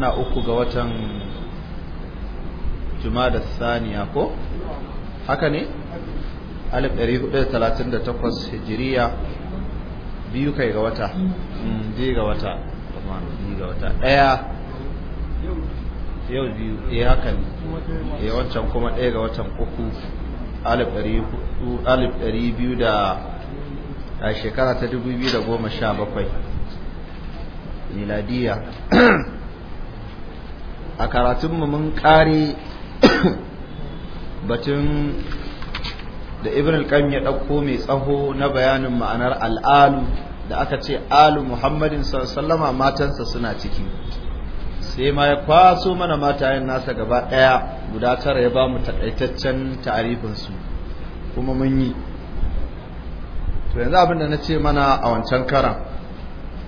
muna uku ga watan jumada saniya ko haka ne 1438 hijiriya biyu kai ga wata ji mm, ga wata ga wata daya yau biyu ya eh, haka ne ya eh, wancan kuma daya ga watan uku biyu da a shekara ta 2017 miladiya a karatunmu mun kare batun da ibn al-qayyim ya dauko mai tsaho na bayanin ma'anar al'alu da aka ce alu muhammadin sallama matansa suna ciki sai ma ya kwaso mana matayen nasa gaba daya guda tara ya ba mu takaitaccen ta'arifin su kuma mun yi to yanzu abin da na ce mana a wancan karan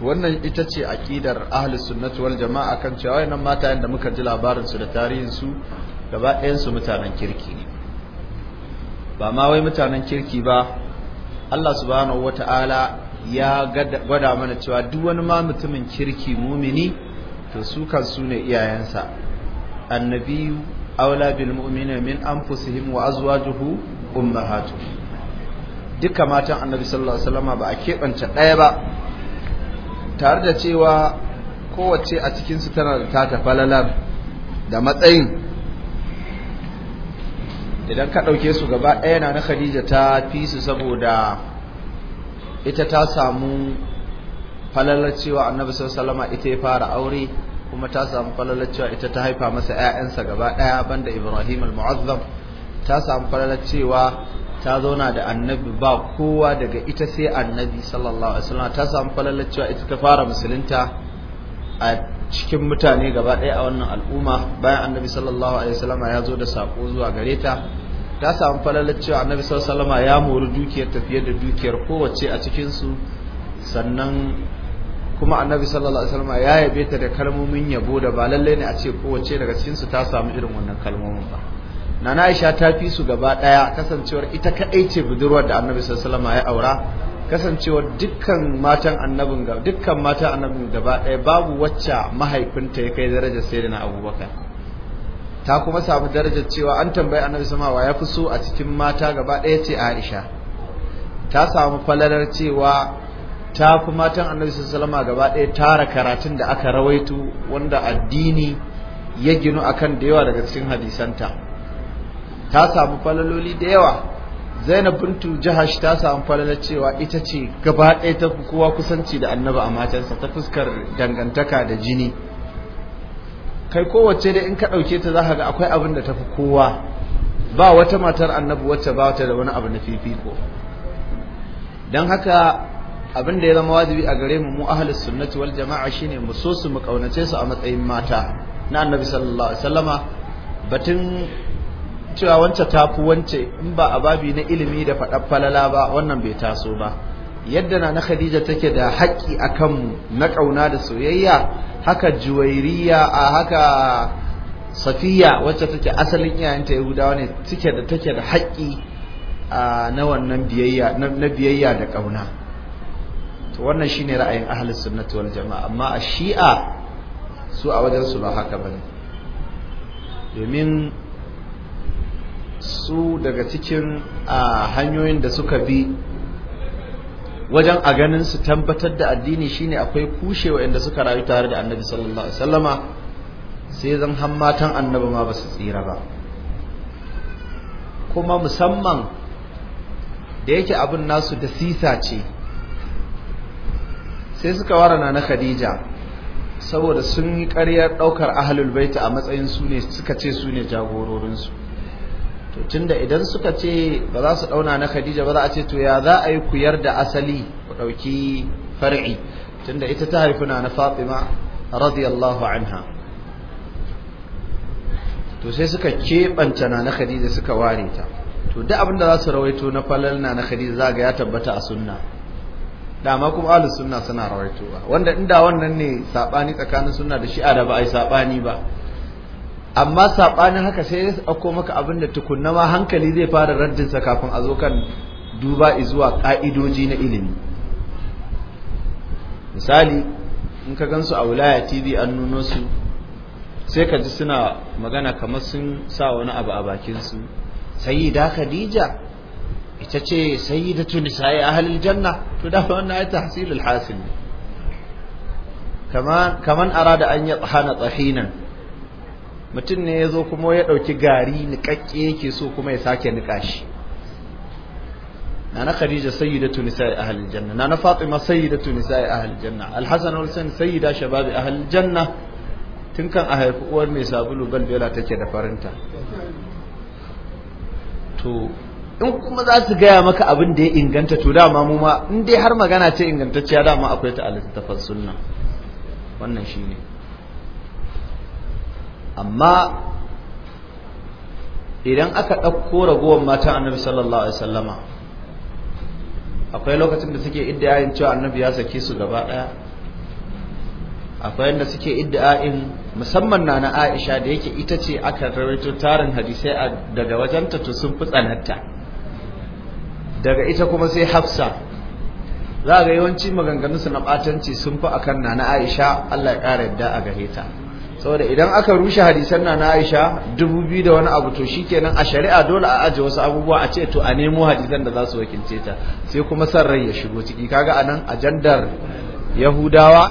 wannan ita ce aƙidar ahlus sunnatu wal jama'a kan cewa wayannan mata da muka ji labarin da tarihin su gaba ɗayan su mutanen kirki ne ba ma wai mutanen kirki ba Allah subhanahu wata'ala ya gwada mana cewa duk wani ma mutumin kirki mumini to su kan su ne iyayensa annabiyu aula bil mu'mina min anfusihim wa azwajuhu ummahatuhum duka matan annabi sallallahu alaihi wasallama ba a kebance ɗaya ba tare da cewa kowace a cikinsu tana da tata falalar da matsayin idan ka ɗauke su gaba ɗaya na na khadija ta fi su saboda ita ta samu falalar cewa annabi salama ita ya fara aure kuma ta samu falalar cewa ita ta haifa masa 'ya'yansa gaba ɗaya banda ibrahim al-mu'azzam ta samu falalar cewa ta zauna da annabi ba kowa daga ita sai annabi sallallahu alaihi wasallam ta samu falalar cewa ita ta fara musulunta a cikin mutane gaba ɗaya a wannan al'umma bayan annabi sallallahu alaihi wasallam ya zo da sako zuwa gare ta ta samu falalar cewa annabi sallallahu alaihi wasallam ya mori dukiyar tafiye da dukiyar kowace a cikin su sannan kuma annabi sallallahu alaihi wasallam ya yabe ta da kalmomin yabo da ba lallai ne a ce kowace daga cikin su ta samu irin wannan kalmomin ba nana aisha ta fi su gaba daya kasancewar ita kadai ce budurwar da annabi sallallahu alaihi ya aura kasancewar dukkan matan annabin ga dukkan mata annabin gaba daya babu wacce mahaifinta ya kai darajar sayyidina abubakar ta kuma samu darajar cewa an tambayi annabi wa ya fi so a cikin mata gaba daya ce aisha ta samu falalar cewa ta fi matan annabi sallama gaba daya tara karatun da aka rawaito wanda addini ya ginu akan da yawa daga cikin hadisanta ta samu falaloli da yawa zainab bintu jahash ta samu falala cewa ita ce gaba ɗaya ta kowa kusanci da annabi a matansa ta fuskar dangantaka da jini kai kowace da in ka ɗauke ta za ka ga akwai abin da ta fi kowa ba wata matar annabi wacce ba ta da wani abu na fifiko don haka abin da ya zama wajibi a gare mu mu ahlus sunnati wal jama'a shine mu so su mu kaunace su a matsayin mata na annabi sallallahu alaihi wasallama batun cewa wance tafi wance in ba a babi na ilimi da faɗar falala ba wannan bai taso ba yadda na na khadija take da haƙƙi a kanmu na ƙauna da soyayya haka juwairiya a haka safiya wacce take asalin iyayenta yahudawa ne take da take da haƙƙi na wannan biyayya na biyayya da ƙauna to wannan shine ra'ayin ahlus sunnati wal jama'a amma a shi'a su a wajen su ba haka bane domin su daga cikin hanyoyin da suka bi wajen a ganin su tabbatar da addini shine akwai kushe waanda suka rayu tare da annabi sallallahu alaihi wasallama sai zan matan annabi ma ba su tsira ba kuma musamman da yake abin nasu da sisa ce sai suka wara na khadija saboda sun yi ƙaryar ɗaukar ahalul baita a matsayin su ne suka ce su ne jagororinsu to tunda idan suka ce ba za su dauna na Khadija ba za a ce to ya za a yi ku da asali ku dauki far'i tunda ita ta haifi na Fatima radiyallahu anha to sai suka kebanta na Khadija suka ware ta to duk abin da za su rawaito na falal na na Khadija za ga ya tabbata a sunna dama kuma ahlus sunna suna rawaitowa wanda inda wannan ne sabani tsakanin sunna da shi'a da ba ai sabani ba amma saɓanin haka sai ya ɗauko maka abin da tukunna ma hankali zai fara raddinsa kafin a zo kan duba zuwa ƙa'idoji na ilimi misali in ka gansu a wulaya tv an nuno su sai ka ji suna magana kamar sun sa wani abu a bakinsu da khadija ita ce da sayyidatu a halin janna to da wannan ayat tahsilul hasil kaman arada an hana tsahinan mutum ne ya zo kuma ya ɗauki gari niƙaƙƙe yake so kuma ya sake niƙa shi nana khadija sayyidatu nisa'i ahlil janna nana fatima sayyidatu nisa'i ahlil janna alhasan wal husain sayyida shababi ahlil janna tun kan a haifi uwar mai sabulu bal bela take da farinta to in kuma za su gaya maka abin da ya inganta to dama mu ma in dai har magana ce ingantacciya dama akwai ta a sunna wannan shine amma idan aka ɗauko ragowar matan annabi sallallahu alaihi sallama, akwai lokacin da suke iddiyayin cewa annabi ya sake su gaba ɗaya akwai yadda suke iddiyayin musamman na na aisha da yake ita ce aka rawaito tarin hadisai daga wajenta to sun fi tsananta daga ita kuma sai hafsa za a ga yawanci maganganunsu na ɓatanci sun fi akan na na aisha allah ya ƙara yadda a gare ta saboda idan aka rushe hadisan na Aisha dubu biyu da wani abu to shi shikenan a shari'a dole a aje wasu abubuwa a ce to a nemo hadisan da za su wakilce ta sai kuma san rai ya shigo ciki kaga anan ajandar Yahudawa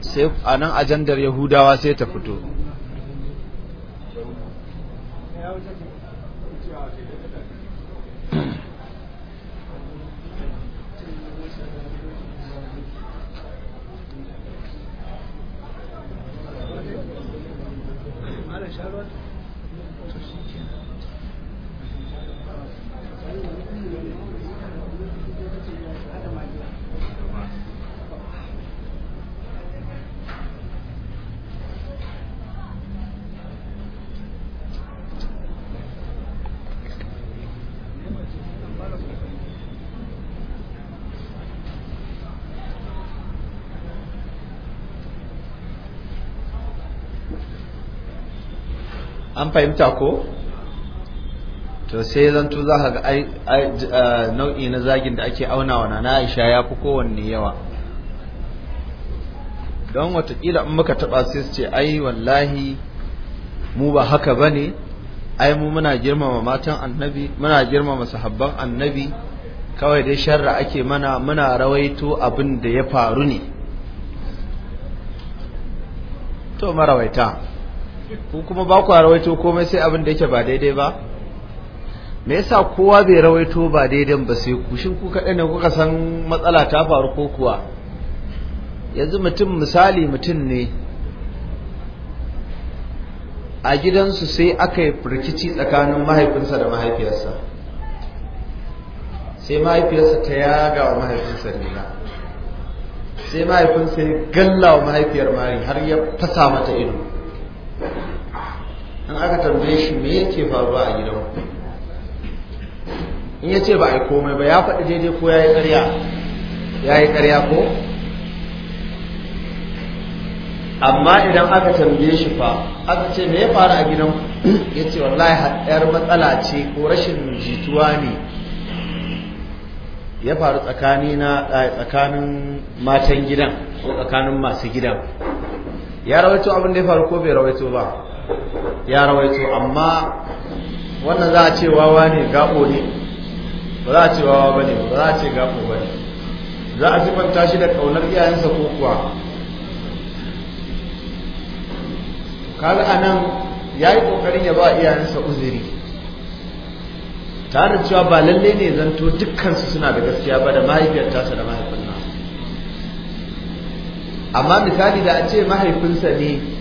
sai anan ajandar Yahudawa sai ta fito an fahimta ko to sai zanto za ka ga nau'i na zagin da ake aunawa Nana Aisha ya fi kowanne yawa don watakila in muka taɓa sai su ce ai wallahi mu ba haka ba ne ai mu muna girmama matan annabi muna girmama sahabban annabi kawai dai sharra ake mana muna rawaito abin da ya faru ne to marawaita ku kuma ba ku rawaito komai sai abin da yake ba daidai ba me yasa kowa bai rawaito ba daidai ba sai ku shin ku kaɗai ne kuka san matsala ta faru ko kuwa yanzu mutum misali mutum ne a gidansu sai aka yi firkici tsakanin mahaifinsa da mahaifiyarsa sai mahaifiyarsa ta yaga wa mahaifinsa rila sai mahaifinsa ya galla wa mahaifiyar mari har ya fasa mata ido in aka tambaye shi me yake faruwa a gidan ku? in ya ce ba a yi komai ba ya faɗi daidai ko ya yi ƙarya ya yi ƙarya ko amma idan aka tambaye shi fa aka ce me ya faru a gidan ku? ya ce wallahi haɗayar matsala ce ko rashin jituwa ne ya faru tsakanin matan gidan ko tsakanin masu gidan ya rawaito abin da ya faru ko bai rawaito ba ya rawaito amma wannan za a ce wawa ne gabo ne ba za a ce wawa ba ne, ba za a ce gabo bane za a sifanta shi da kaunar iyayensa ko kuwa kaga ya yi kokarin ya ba iyayensa uzuri tare cewa ba lalle ne zanto dukkansu suna da gaskiya ba da mahaifiyar tasa da mahaifin nasu amma misali da a ce mahaifinsa ne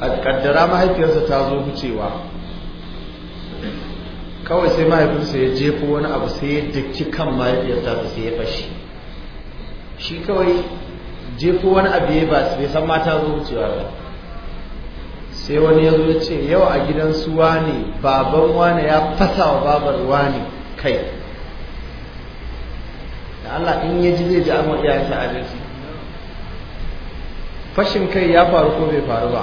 kaddara mahaifiyarsa ta zo wucewa kawai sai mahaifinsa ya jefo wani abu sai ya daki kan mahaifiyarsa ta sai ya fashi shi kawai jefo wani abu ya ba sai san mata zo wucewa ba sai wani ya zo ya ce yau a gidan su wane baban wane ya fasa wa babar wane kai da Allah in ya ji zai ji an wa ta adalci fashin kai ya faru ko bai faru ba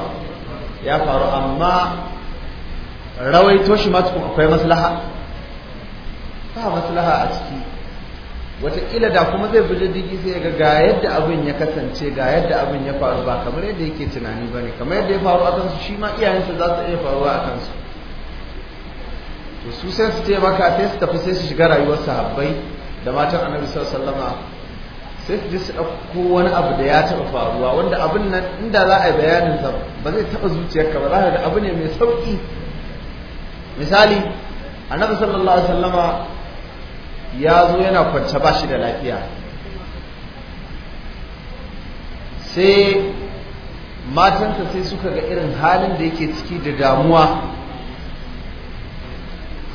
ya faru amma rawaito shi matukun akwai maslaha ba maslaha a ciki watakila da kuma zai buje digi sai ga ga yadda abin ya kasance ga yadda abin ya faru ba kamar yadda yake tunani ba ne kamar yadda ya faru a kansu shi ma iyayensu za su iya faruwa a kansu to su sai su maka sai su tafi sai su shiga rayuwar sahabbai da matan annabi sallallahu alaihi wasallama sai su su ɗauko wani abu da ya taɓa faruwa wanda abin nan inda za a yi bayanin sa ba zai taɓa zuciyarka ba za ka ga abu ne mai sauƙi misali annabi sallallahu alaihi wasallama ya zo yana kwance ba shi da lafiya sai matansa sai suka ga irin halin da yake ciki da damuwa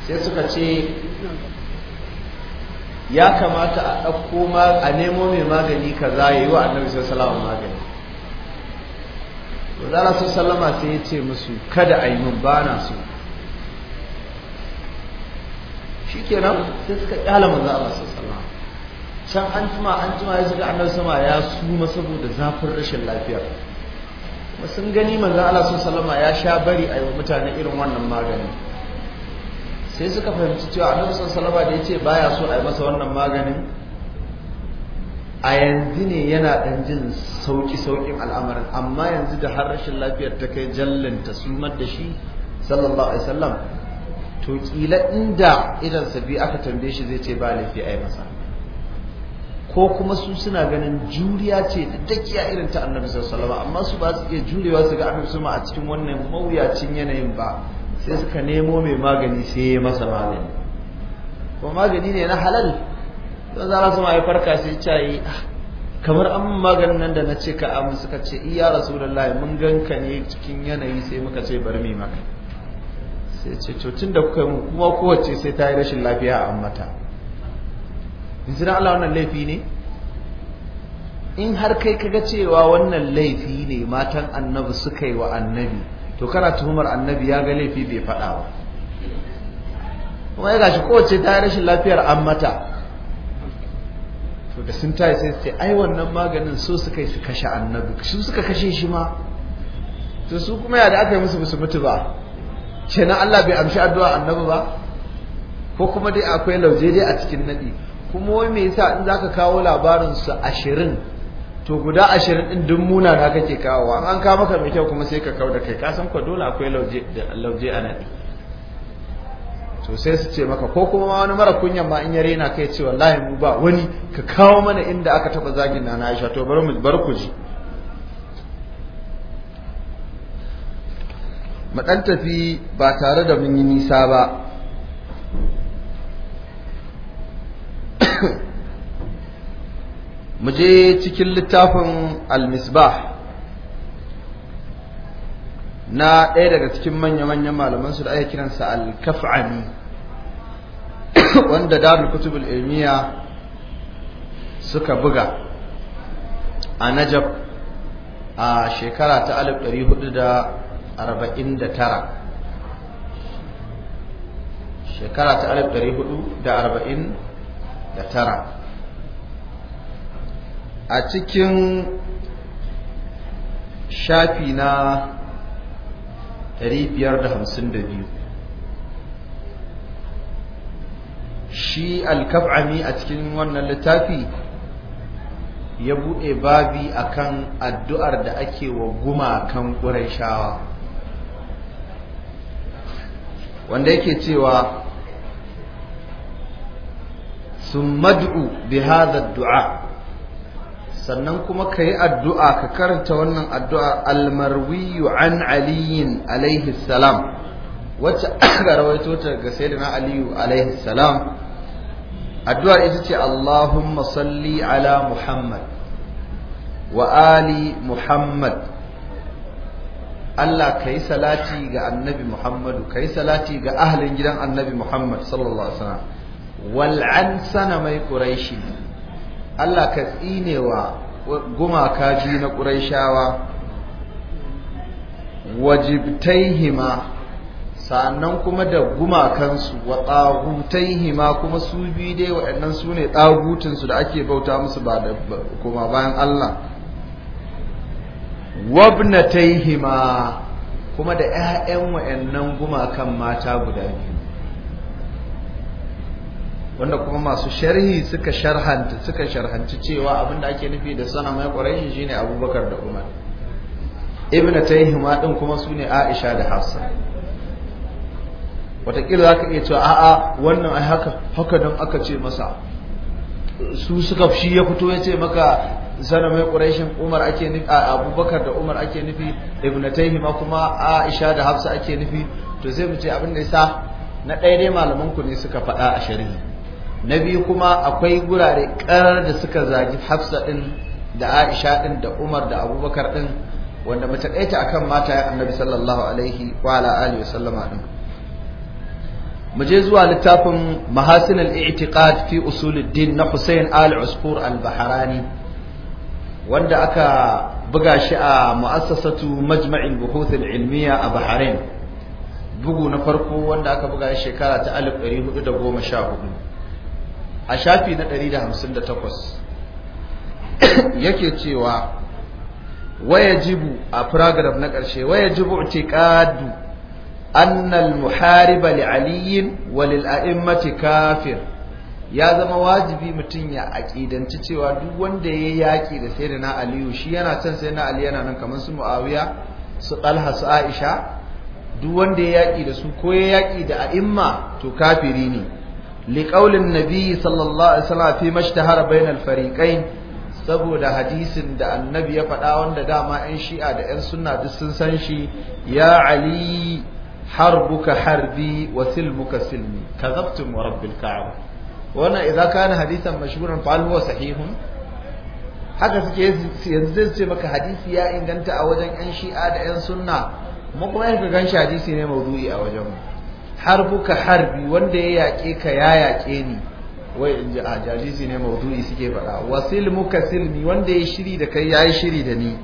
sai suka ce ya kamata a ɗauko a nemo mai magani kaza ya yi wa annabi salama magani Manzala su salama sai ya ce musu kada a yi mun bana su shi kenan sai suka ƙyala manzo Allah su salama. can an jima an jima ya suka annabi sama ya suma saboda zafin rashin lafiya Kuma sun gani manzo Allah su salama ya sha bari a yi wa mutane irin wannan magani sai suka fahimci cewa annabi sallallahu alaihi da yace baya so a yi masa wannan maganin a yanzu ne yana dan jin sauki saukin al'amarin amma yanzu da har rashin lafiyar ta kai jallanta sumar da shi sallallahu alaihi wasallam to kila inda idan sabi aka tambaye shi zai ce ba laifi a yi masa ko kuma su suna ganin juriya ce da dakiya irin ta annabi sallallahu alaihi wasallam amma su ba su iya jurewa su ga annabi a cikin wannan mawuyacin yanayin ba sai suka nemo mai magani sai ya masa magani ko magani ne na halal don za su ma ya farka sai cayi yi ah, kamar an maganin nan da na ce ka amin suka ce iya rasulullahi mun ganka ne cikin yanayi sai muka ce bar mai maka sai ce cocin da kuka yi kuma kowace sai ta yi rashin lafiya a ammata yanzu dan Allah wannan laifi ne in har kai kaga cewa wannan laifi ne matan annabi suka yi wa annabi to kana tuhumar annabi ya ga laifi bai faɗa ba kuma ya gashi kowace ta yi rashin lafiyar an mata to da sun tayi sai ce ai wannan maganin so su kai su kashe annabi su suka kashe shi ma to su kuma ya da aka yi musu musu mutu ba ce na Allah bai amshi addu'a annabi ba ko kuma dai akwai lauje dai a cikin nadi kuma wai me yasa in zaka kawo labarin su ashirin to guda ashirin ɗin duk muna na kake kawo an ka maka mai kyau kuma sai ka kawo da kai san ko dole akwai lauje a nan. to sai su ce maka ko kuma wani mara kunyan ma in ya rena kai ce wallahi mu ba wani ka kawo mana inda aka taba zagin na Aisha to bari mu bar ku ji mu tafi ba tare da mun yi nisa ba mu je cikin littafin al-misbah na ɗaya daga cikin manya-manyan malaman su da ake kiransa al-kaf'ani wanda darul kutubul ilmiya suka buga a najab a shekara ta 1449 shekara ta 1449 a cikin shafi na 552 shi alkaf'ami a cikin wannan littafi ya buɗe babi akan addu'ar da ake wa guma gumakan shawa. wanda yake cewa sun mad'u bi hada du'a sannan kuma ka yi addu'a ka karanta wannan addu'a almarwiyu an aliyin alaihi salam wacce aka rawaito ta ga na aliyu alaihi salam addu'ar ita ce Allahumma salli ala Muhammad wa ali Muhammad Allah ka yi salati ga annabi Muhammadu ka yi salati ga ahalin gidan annabi Muhammad sallallahu Alaihi wasallam wal'an sana mai ƙuraishi Allah ka tsinewa gumaka biyu na ƙuraishawa wajibtaihima sannan kuma da gumakansu wa tsagutaihima kuma su biyu dai waɗannan su ne tsagutinsu da ake bauta musu ba da kuma bayan Allah wabnataihima kuma da 'ya'yan waɗannan gumakan mata guda biyu wanda kuma masu sharhi suka sharhanta suka sharhanci cewa abinda ake nufi da sana mai shi shine abubakar da umar ibn tayhima din kuma su ne aisha da hafsa watakila za ka iya cewa a'a wannan ai haka haka don aka ce masa su suka shi ya fito ya ce maka sana mai ƙurashin umar ake nufi abubakar da umar ake nufi yi hima kuma aisha da hafsa ake nufi to zai mu ce abin da yasa na ɗaya dai malaman ku ne suka faɗa a shari'a na biyu kuma akwai gurare karar da suka zagi hafsa ɗin da aisha ɗin da umar da abubakar ɗin, wanda mu kan akan ya annabi sallallahu alaihi wa ala alihi sallama din mu je zuwa littafin mahasin al-i'tiqad fi usuluddin na Hussein al-Usfur al-Bahrani wanda aka buga shi a mu'assasatu majma'in buhuth al-ilmiya a Bahrain bugu na farko wanda aka buga shi shekara ta 1414 a shafi na 158 yake cewa wayajibu a program na ƙarshe wayajibu jibu anna annal muhariba li aliyin walil kafir ya zama wajibi mutum ya aƙidanci cewa duk wanda ya yaƙi da sai na aliyu shi yana can sai na ali yana nan kamar su mu'awiya su ɗalha su aisha duk wanda ya yaƙi da su ko ya yaƙi da a'imma to kafiri ne لقول النبي صلى الله عليه وسلم فيما بين الفريقين saboda hadisin da annabi ya faɗa wanda dama 'yan shi'a da 'yan sunna duk sun san shi ya ali harbuka harbi wa silmuka silmi kazabtum wa rabbil ka'aba wannan idan kana hadisan mashhuran fa huwa sahihun haka suke yanzu zai ce maka hadisi ya inganta a wajen 'yan shi'a da 'yan sunna mu kuma yanka ganshi hadisi ne maudu'i a wajen mu ka harbi wanda ya yaƙe ka ya yaƙe ni wai in ji ah, ajalisi ne maudu'i suke faɗa wasil muka silmi wanda ya shiri da kai ya yi shiri da ni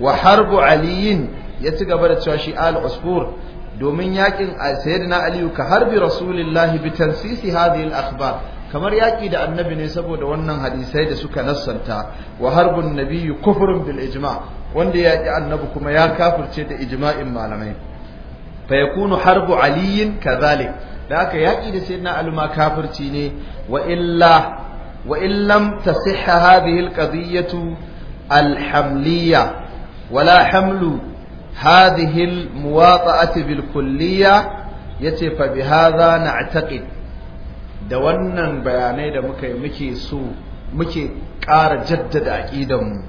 wa harbu aliyin ya ci gaba da cewa shi al usfur domin yaƙin sayyidina aliyu ka harbi rasulillahi bi tansisi hadhihi al akhbar kamar yaƙi da annabi ne saboda wannan hadisai da suka nassanta wa harbu nabiyyu kufrun bil ijma wanda ya yaƙi annabi kuma ya kafirce da ijma'in malamai fa yakunu harbu aliyin kazalik da aka yaƙi da sayyidina ali ma kafirci ne wa illa wa in lam tasihha hadhihi alqadiyatu alhamliya wala hamlu hadhihi almuwata'ati bilkulliyya yace fa na na'taqid da wannan bayanai da muka yi muke so muke ƙara jaddada aqidanmu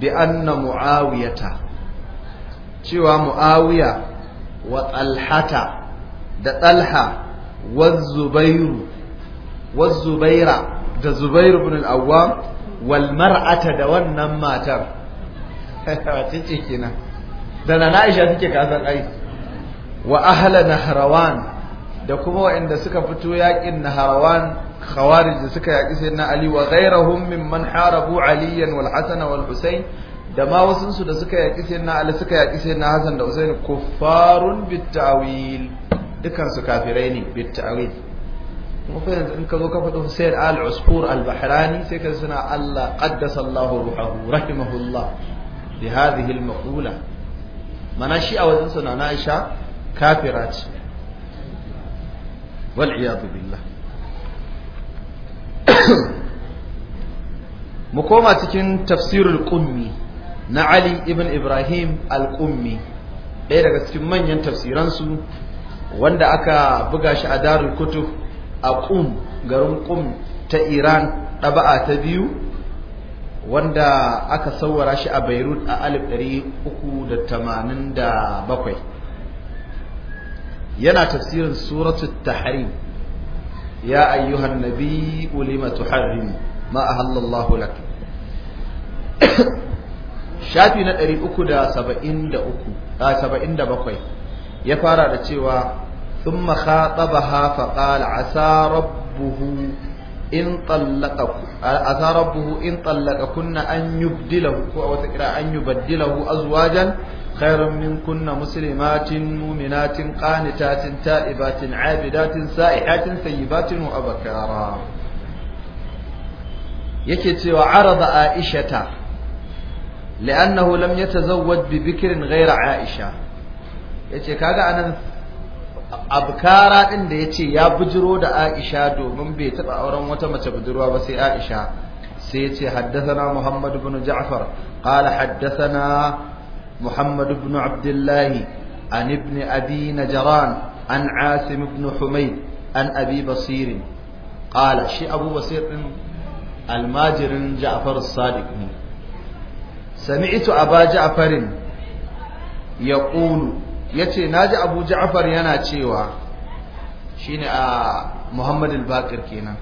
mu anna muawiyata cewa muawiya wa da talha wa zubairu wa zubaira da zubairu ibn al wal mar'ata da wannan matar wacin ce kenan da na Aisha suke kasar ai wa ahla nahrawan da kuma waɗanda suka fito yaƙin nahrawan khawarij da suka sai na ali wa ghayrahum man harabu aliyan wal hasan wal husayn da ma wasunsu da suka yaƙi sai na ali suka yaƙi sai na hasan da usaini kuffarun bitta'wil dukan su kafirai ne bitta'wil kuma fa yanzu in ka zo ka faɗi Hussein al-Usfur al-Bahrani sai ka suna Allah qaddasa Allahu ruhahu rahimahullah bi hadhihi al-maqula mana shi a wajen sa na Aisha kafira ce wal iyad billah mu koma cikin tafsirul qummi na Ali ibn Ibrahim al-Qummi ɗaya daga cikin manyan tafsiransu wanda aka buga shi a Darul Kutub a Qum garin Qum ta Iran ɗaba'a ta biyu wanda aka sawara shi a Beirut a 1387 yana tafsirin suratul tahrim ya ayyuhan nabi ulima tuharrim ma ahallallahu lak shafi na 377 ya fara da cewa thumma khatabaha fa qala asa rabbuhu in tallaqaku asa rabbuhu in tallaqakunna an yubdilahu ko wata kira an yubdilahu azwajan khairan minkunna muslimatin mu'minatin qanitatin ta'ibatin 'abidatin sa'ihatin thayyibatin wa abkara yake cewa arada ta. لأنه لم يتزوج ببكر غير عائشة yace kaga anan abkara din da yace ya bujiro da Aisha domin bai taba auren wata mace budurwa ba sai Aisha sai yace haddathana Muhammad ibn Ja'far qala haddathana Muhammad ibn Abdullah an ibn Abi Najran an Asim ibn Humayd an Abi Basir qala shi Abu Basir din almajirin Ja'far as-Sadiq ne sami'tu aba ja'farin yaqulu yace na ji Abuja'afar yana cewa shine a Muhammad al kenan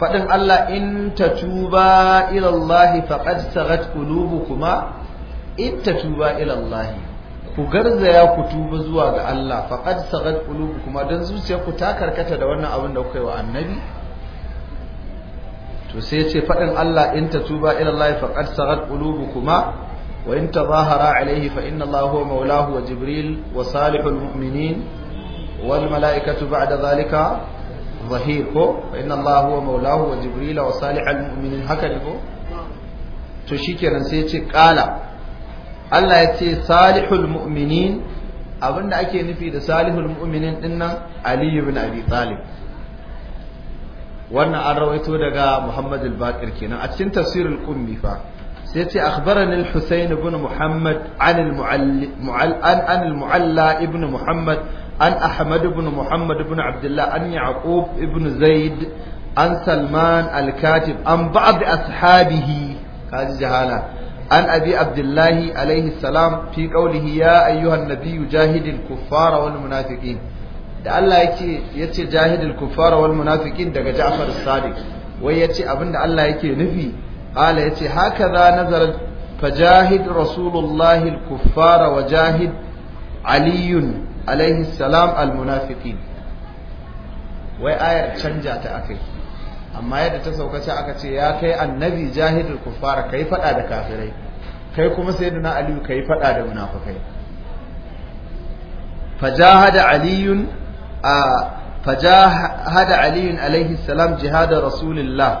faɗin Allah in tatuba ilallahi Allah faqad sagat qulubukuma in tatuba ila Allah ku garzaya ku tuba zuwa ga Allah faqad kuma don dan ku ta karkata da wannan abin da kuka yi wa annabi to sai yace faɗin Allah in ta tuba ila Allah faqad sagat qulubukuma wa in tazahara alayhi fa inna Allah huwa mawlahu wa jibril wa salihul mu'minin wal malaikatu ba'da zalika zahir ko fa inna Allah huwa mawlahu wa jibril wa salihul mu'minin haka ne ko to shikenan sai yace qala Allah yace salihul mu'minin abinda ake nufi da salihul mu'minin dinnan Ali ibn Abi Talib wannan an rawaito daga Muhammad al-Baqir kenan a cikin tafsirul Qummi fa sai ce akhbarani al-Husayn ibn Muhammad an al-Mu'alla ibn Muhammad an Ahmad ibn Muhammad ibn Abdullah an Yaqub ibn Zaid an Salman al-Katib an ba'd ashabihi kaji jahala an abi Abdullah alayhi salam fi qawlihi ya ayyuhan nabiyyu jahidil kuffara wal munafiqin da Allah yake yace jahidul kuffara wal munafiqin daga Ja'far as-Sadiq wai yace abinda Allah yake nufi ala yace hakaza nazar fajahid rasulullahi al-kuffara wa jahid ali alayhi salam al-munafiqin wai ayar canja ta akai amma yadda ta sauka ce aka ce ya kai annabi jahidul kuffara kai fada da kafirai kai kuma sayyidina ali kai fada da munafikai fajahada aliyun فجاهد علي عليه السلام جهاد رسول الله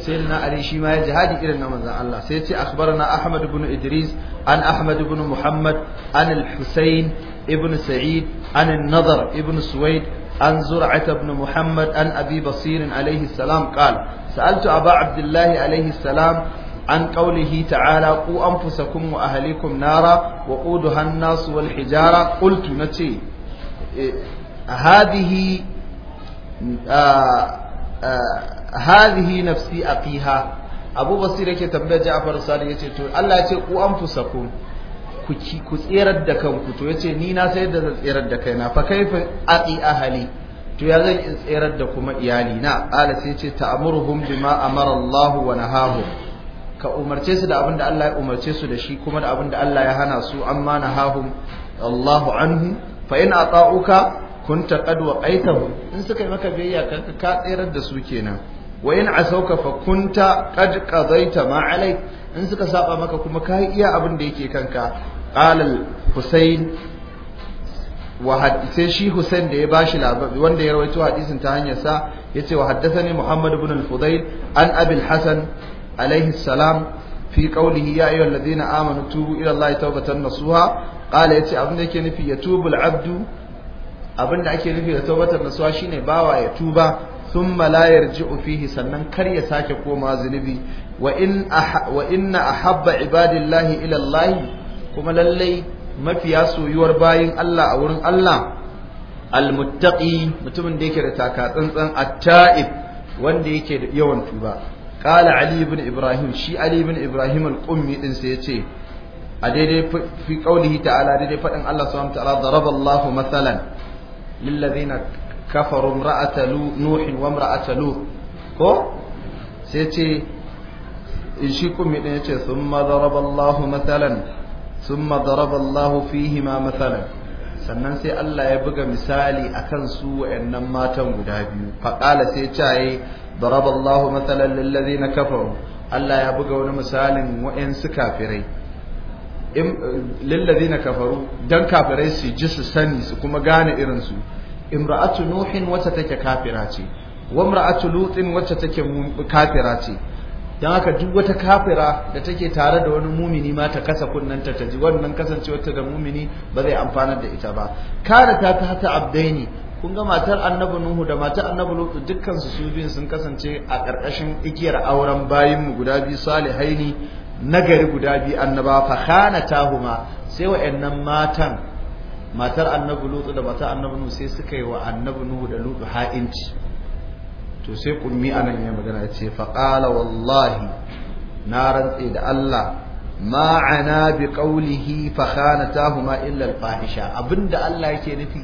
سيدنا علي شيما جهاد إلى نمز الله سيتي أخبرنا أحمد بن إدريس عن أحمد بن محمد عن الحسين ابن سعيد عن النضر ابن سويد عن زرعة بن محمد عن أبي بصير عليه السلام قال سألت أبا عبد الله عليه السلام عن قوله تعالى قوا أنفسكم وأهليكم نارا وقودها الناس والحجارة قلت نتي هذه هذه نفسي أقيها أبو بصير yake tambayar Ja'far Sadiq yace to Allah yace ku fusaku ku ku tserar da kanku to yace ni na sayar da zan tserar da kaina fa kaifa aqi ahli to ya zan in tserar da kuma iyali na qala sai yace ta'muruhum bima amara Allah wa nahahu ka umarce su da abin da Allah ya umarce su da shi kuma da abin da Allah ya hana su amma nahahum Allahu anhu fa in ata'uka kunta qad waqaitahu in suka yi maka biyayya kanka ka tsayar da su kenan wa in asauka fa kunta qad qadaita ma alai in suka saba maka kuma ka yi iya abin da yake kanka qalal husayn wa sai shi Hussein da ya bashi labari wanda ya rawaito hadisin ta hanyar sa yace wa haddathani Muhammad ibn al-Fudayl an Abi al-Hasan alayhi salam fi qawlihi ya ayyuhal ladina amanu tubu ila Allahi tawbatan nasuha qala yace abin da yake nufi yatubul abdu abin da ake nufi da taubatar nasuwa shine bawa ya tuba thumma la yarji'u fihi sannan kar ya sake koma zunubi wa in wa inna ahabba ibadillahi ila Allah kuma lallai mafiya soyuwar bayin Allah a wurin Allah almuttaqi mutumin da yake da taka tsantsan at-ta'ib wanda yake da yawan tuba qala ali ibn ibrahim shi ali ibn ibrahim al-qummi din yace a daidai fi qaulihi ta'ala daidai fadin Allah subhanahu wa ta'ala daraballahu masalan lil ladina kafaru imra'ata nuhin wa imra'ata lut ko sai ce in shi kuma ɗaya ce sun madaraba Allah matsalan sun madaraba Allah fihi ma matsalan sannan sai Allah ya buga misali a kan su wa'annan matan guda biyu faƙala sai caye daraba Allah matsalan lallazi na kafaru Allah ya buga wani misalin wa'yansu kafirai na kafaru don kafirai su ji su sani su kuma gane irin su imra'atu nuhin wacce take kafira ce wa imra'atu lutin wacce take kafira ce Don haka duk wata kafira da take tare da wani mumini ma ta kasa kunnenta, ta ji wannan kasancewar ta da mumini ba zai amfanar da ita ba Kada ta ta hata abdaini kun ga matar annabi nuhu da matar annabi lutu dukkan su su biyun sun kasance a ƙarƙashin igiyar auren bayin guda biyu salihaini nagari guda biyu annaba fa huma sai wayannan matan matar annabi lutu da matar annabi nuhu sai suka yi wa annabi nuhu da lutu ha'inci to sai kummi anan ya magana ya ce fa qala wallahi na rantse da Allah ma ana bi qawlihi fa huma illa al fahisha abinda Allah yake nufi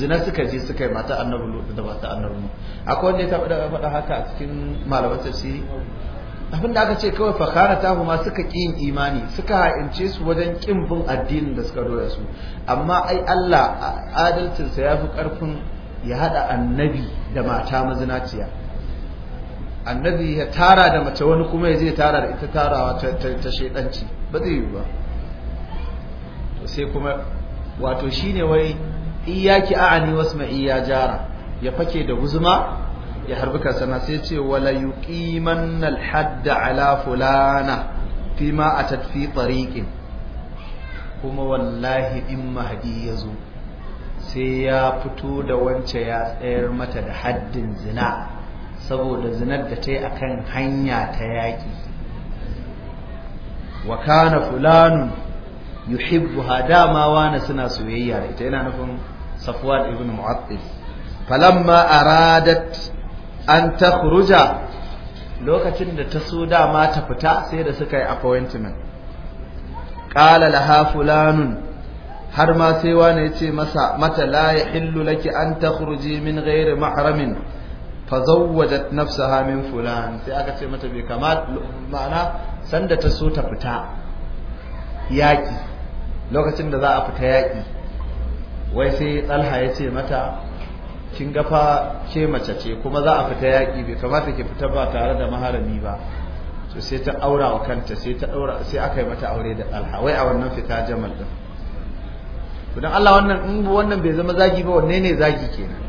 zina suka je suka yi mata annabi lutu da mata annabi nuhu akwai wanda ya taɓa faɗa haka a cikin malaman tafsiri abin da aka ce kawai fakara ta kuma suka ƙi yin imani suka ha'ince su wajen ƙin bin addinin da suka doya su amma ai Allah adalcinsa ya fi karfin ya haɗa annabi da mata mazinaciya annabi ya tara da mace wani kuma ya zai tara da ita tarawa ta shaidanci ba zai yi ba sai kuma wato shine wai iyaki a'ani wasu ma'iya jara ya fake da guzuma ya harbi kasana sai ce wala yuqiman al-hadd ala fulana Fi ma atat fi tariqin kuma wallahi in mahdi yazo sai ya fito da wance ya tsayar mata da haddin zina saboda zinar da ta yi akan hanya ta yaki. wa kana fulanun hada ma wana suna soyayya da ita yana nufin safwan ibn mu'attis falamma aradat an ta lokacin da ta so dama ta fita sai da suka yi appointment qala laha fulanun har ma sai wani ya ce masa mata la ya illu laki an takhruji min ghairi mahramin fa zawwajat nafsaha min fulan sai aka ce mata bai kama ma'ana sanda ta so ta fita yaki lokacin da za a fita yaki wai sai Talha ya ce mata kin ga fa ke mace ce kuma za a fita yaƙi bai kamata ki fita ba tare da maharami ba to sai ta aura wa kanta sai ta daura sai akai mata aure da dalha wai a wannan fita Jamal din to dan Allah wannan in wannan bai zama zagi ba wanne ne zagi kenan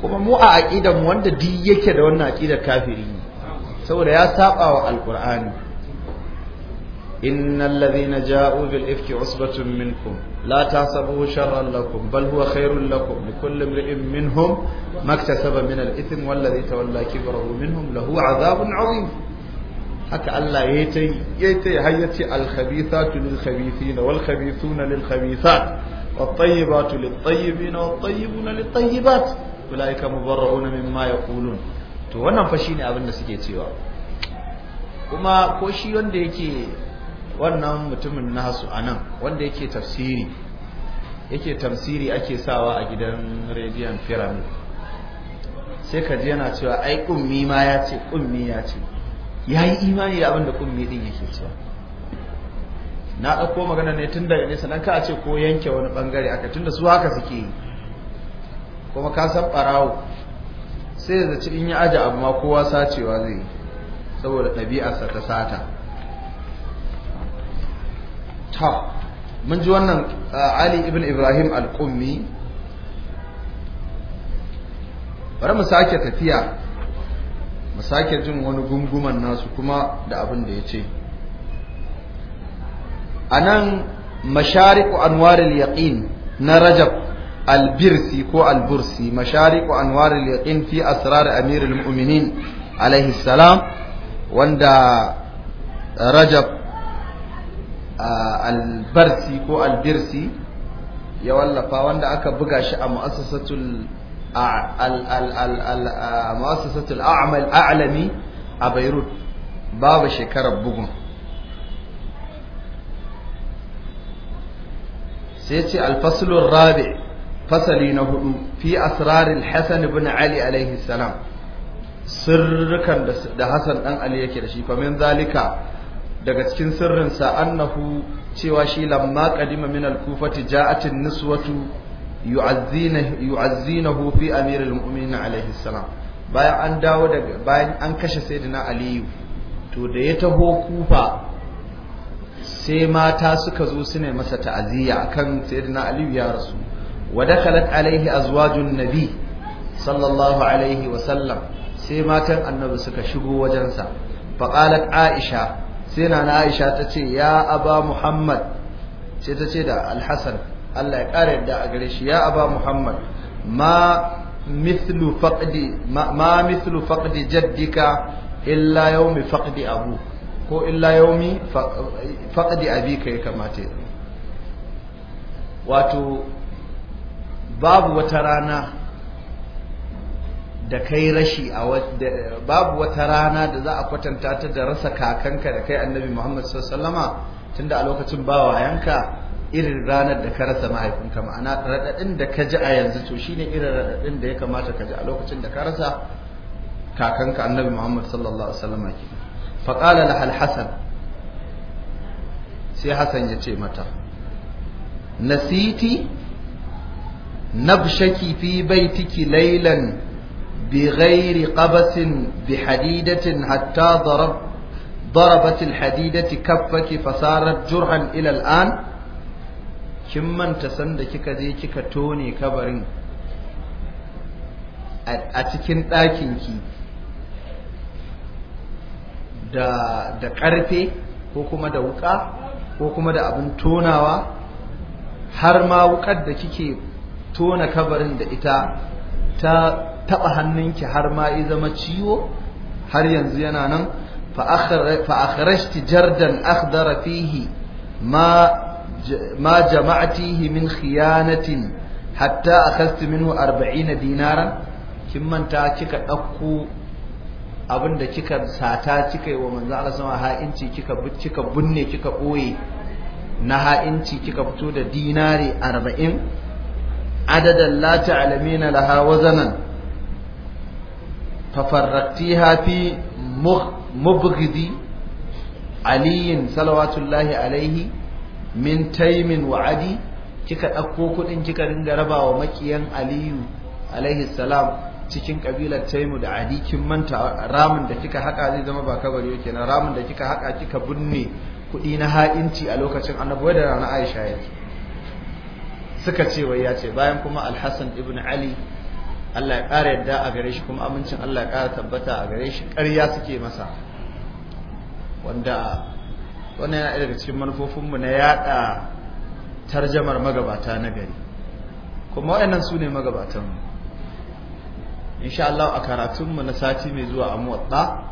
kuma mu a aqidar mu wanda duk yake da wannan aqidar kafiri ne saboda ya saba wa alqur'ani إن الذين جاءوا بالإفك عصبة منكم لا تحسبوه شرا لكم بل هو خير لكم لكل امرئ منهم ما اكتسب من الإثم والذي تولى كبره منهم له عذاب عظيم حكى الله يتي يتي هيتي الخبيثات للخبيثين والخبيثون للخبيثات والطيبات للطيبين والطيبون للطيبات أولئك مبرعون مما يقولون تو wannan fashi ne abin da suke cewa kuma ko shi wanda yake wannan mutumin nasu a nan wanda yake tafsiri yake tafsiri ake sawa a gidan rediyon pyramid sai ka ji yana cewa ai kummi ma ya ce kummi ya ce ya yi imani da abinda kummi din yake cewa na ɗauko magana ne tun daga nesa nan ka ce ko yanke wani bangare aka tun da su haka suke yi kuma ka san ɓarawo sai da ci in yi aji, abu ma kowa sacewa zai saboda ɗabi'arsa ta sata ta mun ji wannan uh, ali ibn ibrahim al-qummi bari mu sake tafiya mu sake jin wani gunguman nasu kuma da abin da ya ce a nan mashariku anwaril yaƙin na rajab albirsi ko albursi mashariku anwaril yaqin fi asrar amirul mu'minin alaihi salam wanda rajab albarsi ko albirsi ya wallafa wanda aka buga shi a mu'assasatul mu'assasatul a Beirut babu shekarar bugun sai ce alfaslun rabi fasali na hudu fi asrarin hassan ibn ali alaihi salam sirrukan da hassan dan ali yake da shi famin zalika daga cikin sirrinsa annahu cewa shi lamma qadima min al-kufati ja'at niswatu yu'azzinahu fi amir al-mu'minin alayhi salam bayan an dawo daga bayan an kashe sayyidina aliyu to da ya taho kufa sai mata suka zo suna masa ta'aziyya akan sayyidina aliyu ya rasu wa dakhalat alayhi azwajun nabi sallallahu alayhi wa sallam sai matan annabi suka shigo wajensa faqalat aisha sai na Aisha ta ce ya aba Muhammad sai ta ce da Al-Hasan Allah ya kare da a gare shi ya aba Muhammad ma mithlu faqdi ma mithlu faqdi jaddika illa yawmi faqdi abu ko illa yawmi faqdi abika ya kamata wato babu wata rana da kai rashi a babu wata rana da za a kwatanta ta da rasa kakanka da kai annabi Muhammad sallallahu tunda a lokacin bawa yanka irin ranar da ka rasa mahaifinka ma'ana raɗaɗin da ka ji a yanzu to shine irin raɗaɗin da ya kamata ka ji a lokacin da ka rasa kakanka annabi Muhammad sallallahu alaihi wasallam ke fa hasan sai hasan ya ce mata nasiti nabshaki fi baitiki laylan بغير قبس بحديدة حتى ضرب ضربت الحديدة ki فصارت جرحا إلى الآن kin manta sanda kika je kika tone kabarin a cikin ɗakinki da da ƙarfe ko kuma da wuƙa ko kuma da abin tonawa har ma wuƙar da kike tona kabarin da ita ta taba hannunki har ma ya zama ciwo har yanzu yana nan fa jardan akhdara fihi ma ma jama'atihi min khiyanatin hatta akhadtu minhu 40 dinara, kin manta kika dauko abinda kika sata kika yi wa manzo Allah sama ha'inci kika kika bunne kika boye na ha'inci kika fito da dinari 40 adadan la ta'lamina laha wazanan ففرقتيها في مبغض علي صلوات الله عليه من تيم وعدي kika ɗauko kuɗin kika dinga raba wa makiyan aliyu alaihi salam cikin kabilar taimu da adi kin manta ramin da kika haƙa zai zama ba kabar yake na ramin da kika haƙa kika binne kuɗi na ha'inci a lokacin annabuwa da rana aisha yake suka ce wai ya ce bayan kuma alhassan ibn ali Allah ya ƙara yadda a gare shi kuma amincin Allah ya ƙara tabbata a gare shi ƙarya suke masa wanda wannan yana daga cikin manufofinmu na yaɗa tarjamar magabata na gari kuma waɗannan su ne magabatanmu insha Allah a karatunmu na sati mai zuwa a muwatta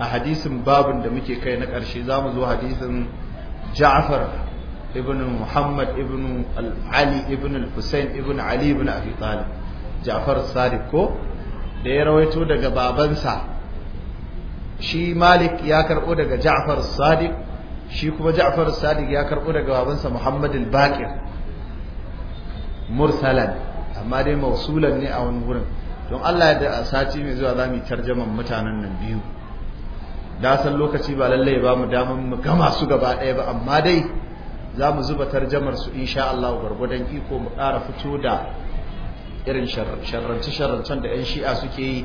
a hadisin babin da muke kai na ƙarshe za mu zo hadisin Ja'far ibn Muhammad ibn Ali ibn Hussain ibn Ali ibn Abi Talib Ja'far Sadiq ko da ya rawaito daga babansa shi Malik ya karbo daga Ja'far Sadiq shi kuma Ja'far Sadiq ya karbo daga babansa Muhammad al-Baqir mursalan amma dai mausulan ne a wani wurin don Allah ya da a sati mai zuwa zamu tarjaman mutanen nan biyu da san lokaci ba lallai ba mu daman mu gama su gaba ɗaya ba amma dai za mu zuba tarjamar su insha Allah gwargwadon iko mu ƙara fito da irin sharrance sharrancen da yan shi'a suke yi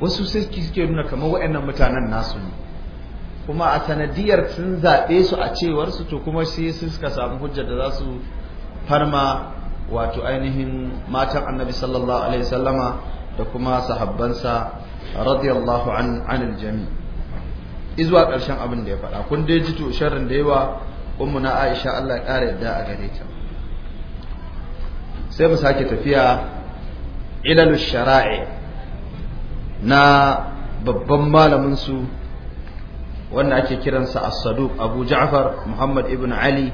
wasu sai suke nuna kamar wa'annan mutanen nasu ne kuma a sanadiyar sun zaɓe su a cewar su to kuma sai sun suka samu hujja da za su farma wato ainihin matan annabi sallallahu alaihi sallama da kuma sahabbansa radiyallahu an anil jami izuwa ƙarshen abin da ya faɗa kun dai ji to sharrin da yawa ummu na Aisha Allah ya ƙara yadda a gare ta sai mu sake tafiya ilalu shara'i na babban malamin su wanda ake kiransa as sadu Abu Ja'far Muhammad ibn Ali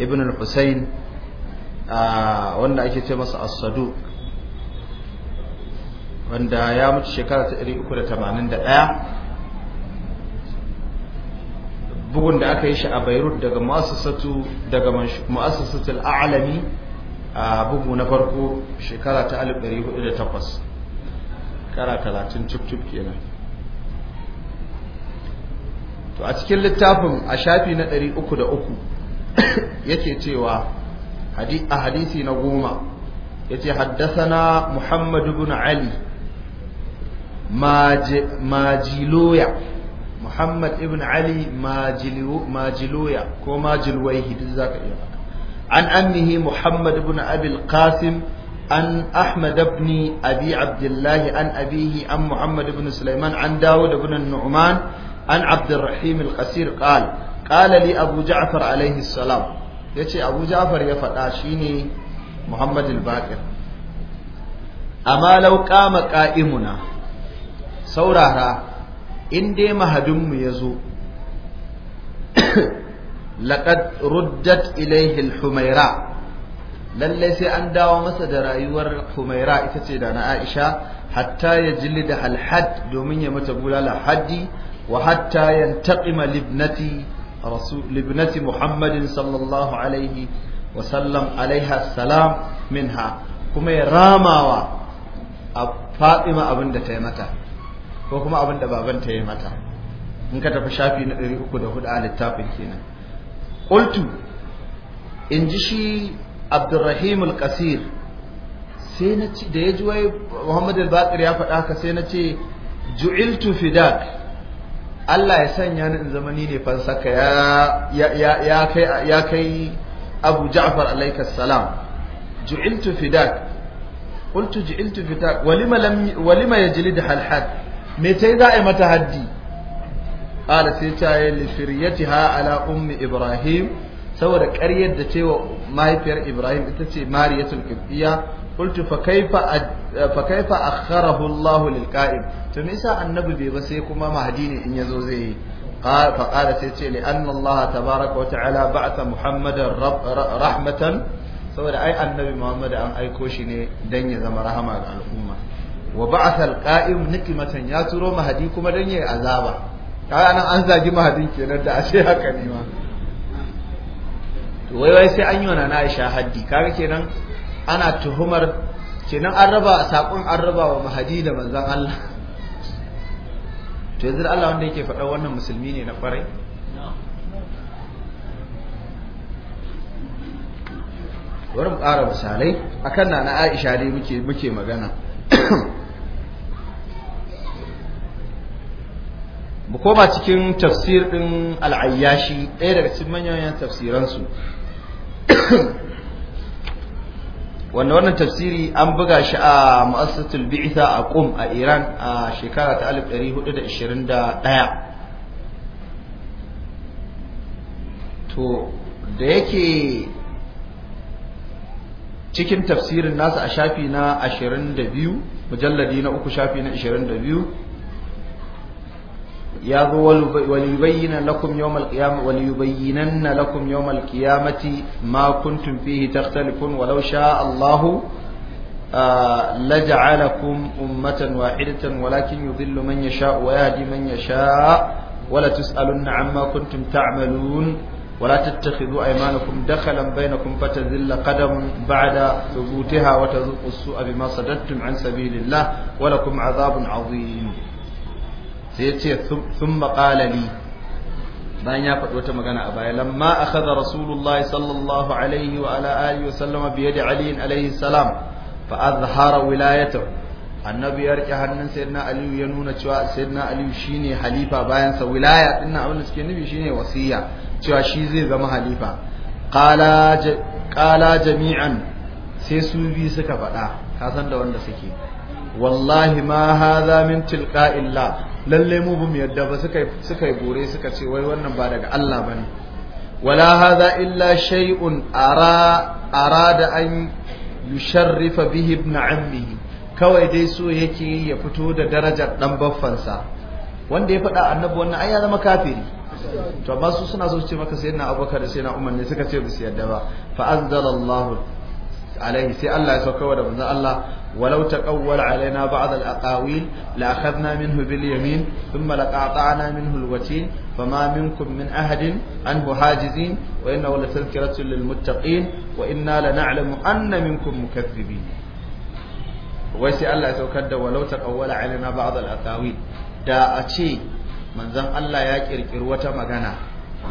ibn al-Husayn wanda ake ce masa as sadu. wanda ya mutu shekara ta 381 bugun da aka yi shi a Beirut daga mu'assasatul daga mu'assasatul a'lami a bugu na farko shekara ta 1408 kara 30 cif-cif kenan to a cikin littafin a shafi na 303 yake cewa a hadisi na goma yace haddasana muhammadu bin Ali majiloya Muhammad ibn Ali majiloya ko majilwaihi duk zaka iya عن أمه محمد بن أبي القاسم عن أحمد بن أبي عبد الله عن أبيه عن محمد بن سليمان عن داود بن النعمان عن عبد الرحيم القسير قال قال لي أبو جعفر عليه السلام يتي أبو جعفر يفتاشيني محمد الباكر أما لو قام قائمنا سورارا إن دي مهدم يزو laqad ruddat ilayhi humaira lalle sai an dawo masa da rayuwar humaira ita ce da na aisha hatta ya jilli da alhad domin ya mata bulala haddi wa hatta yantaqima libnati libnati muhammadin sallallahu alaihi wa sallam alaiha salam minha kuma ya ramawa a fatima abin da ta yi mata ko kuma abin da baban ta yi mata in ka tafi shafi na 304 a littafin kenan qultu in ji shi abdurrahim al-qasir na ce da ya ji wai muhammad al-baqir ya faɗa ka sai na ce ju'iltu fidak Allah ya sanya ni in zama ne fansaka ya ya kai ya kai Abu Ja'far alayka salam ju'iltu fidak qultu ju'iltu fidak walima ya walima yajlid me tai za a yi mata haddi qala sai ta yi li firyatiha ala ummi ibrahim saboda karyar da cewa mahaifiyar ibrahim ita ce mariyatul qibtiyya qultu fa kaifa fa kaifa akharahu allah lil qa'im to me yasa annabi bai ba sai kuma mahdi ne in yazo zai yi fa qala sai ce li anna allah tabaaraka wa ta'ala ba'atha muhammadan rahmatan saboda ai annabi muhammad an aiko shi ne dan ya zama rahama ga al'umma wa ba'atha al qa'im nikmatan ya turo mahdi kuma dan ya azaba kaga anan an zagi mahadin kenan da ashe haka ne ma to wai wai sai an yi wa na Aisha haddi kaga kenan ana tuhumar kenan an raba sakon an raba wa mahadi da manzon Allah to yanzu Allah wanda yake faɗa wannan musulmi ne na kwarai bari mu ƙara misalai akan na na Aisha dai muke muke magana mu koma cikin tafsir ɗin al'ayyashi ɗaya daga cikin manyan tafsiransu wanda wannan tafsiri an buga shi a ma'asatul bi'ita a ƙum a iran a shekara ta 1421 to da yake cikin tafsirin nasa a shafi na 22 mujalladi na uku shafi na 22 ya zo waliyubayyana lakum yawmal qiyamah waliyubayyinanna lakum yawmal qiyamati ma kuntum fihi takhtalifun walau sha'a Allahu laj'alakum ummatan wahidatan walakin yudhillu man yasha'u wa yahdi man yasha'u wala tus'alunna amma kuntum ta'malun ولا تتخذوا أيمانكم دخلا بينكم فتذل قدم بعد ثبوتها وتذوقوا السوء بما صددتم عن سبيل الله ولكم عذاب عظيم sai ce sun maƙalali bayan ya faɗi wata magana a baya lamma a kada rasulullahi sallallahu alaihi wa ala alihi sallama biye da aliyin alaihi salam fa a zahara wilayata annabi ya rike hannun sayyidina aliyu ya nuna cewa sayyidina aliyu shine halifa bayan sa wilaya dinnan abin da suke nufi shine wasiya cewa shi zai zama halifa qala jami'an sai su bi suka faɗa ka san da wanda suke wallahi ma hadha min tilqa'illah lalle mu mu yadda ba suka suka gore suka ce wai wannan ba daga Allah bane wala hadha illa shay'un ara arada an yusharrifa bihi ibn ammihi kawai dai so yake ya fito da darajar dan baffansa wanda ya faɗa annabi wannan ai ya zama kafiri to amma su suna so su ce maka sayyidina abubakar da sayyidina umar ne suka ce bisu su yadda ba fa anzalallahu alaihi sai Allah ya sauka wa da manzon Allah ولو تقول علينا بعض الأقاويل لأخذنا منه باليمين ثم لقاطعنا منه الوتين فما منكم من أحد عنه حاجزين وإنه لتذكرة للمتقين وإنا لنعلم أن منكم مكذبين ويسي الله يتوكد ولو تقول علينا بعض الأقاويل دا أتي من ذن الله يكر كروة مغانا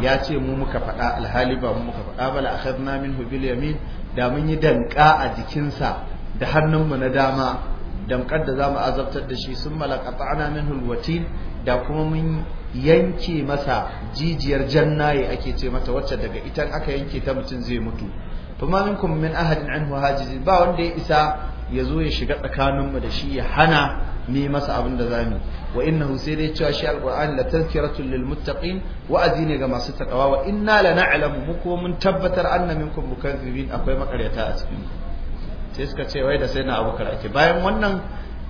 ya ce mu muka faɗa alhali ba mu muka faɗa ba la akhadna minhu bil yamin da mun yi danka a jikinsa da hannunmu na dama damkar da za mu azabtar da shi sun malaka ana min hulwatin da kuma mun yanke masa jijiyar jannaye ake ce mata wacce daga ita aka yanke ta mutum zai mutu kuma minkum min ahadin anhu hajizin ba wanda ya isa ya zo ya shiga tsakaninmu da shi ya hana mi masa abin da zamu wa innahu sai dai cewa shi alquran la tazkiratun lil muttaqin wa'azi ne ga masu takawa wa inna la na'lamu mu kuma mun tabbatar anna minkum mukazzibin akwai makaryata a cikin sai suka ce wai da sai na abokar ake bayan wannan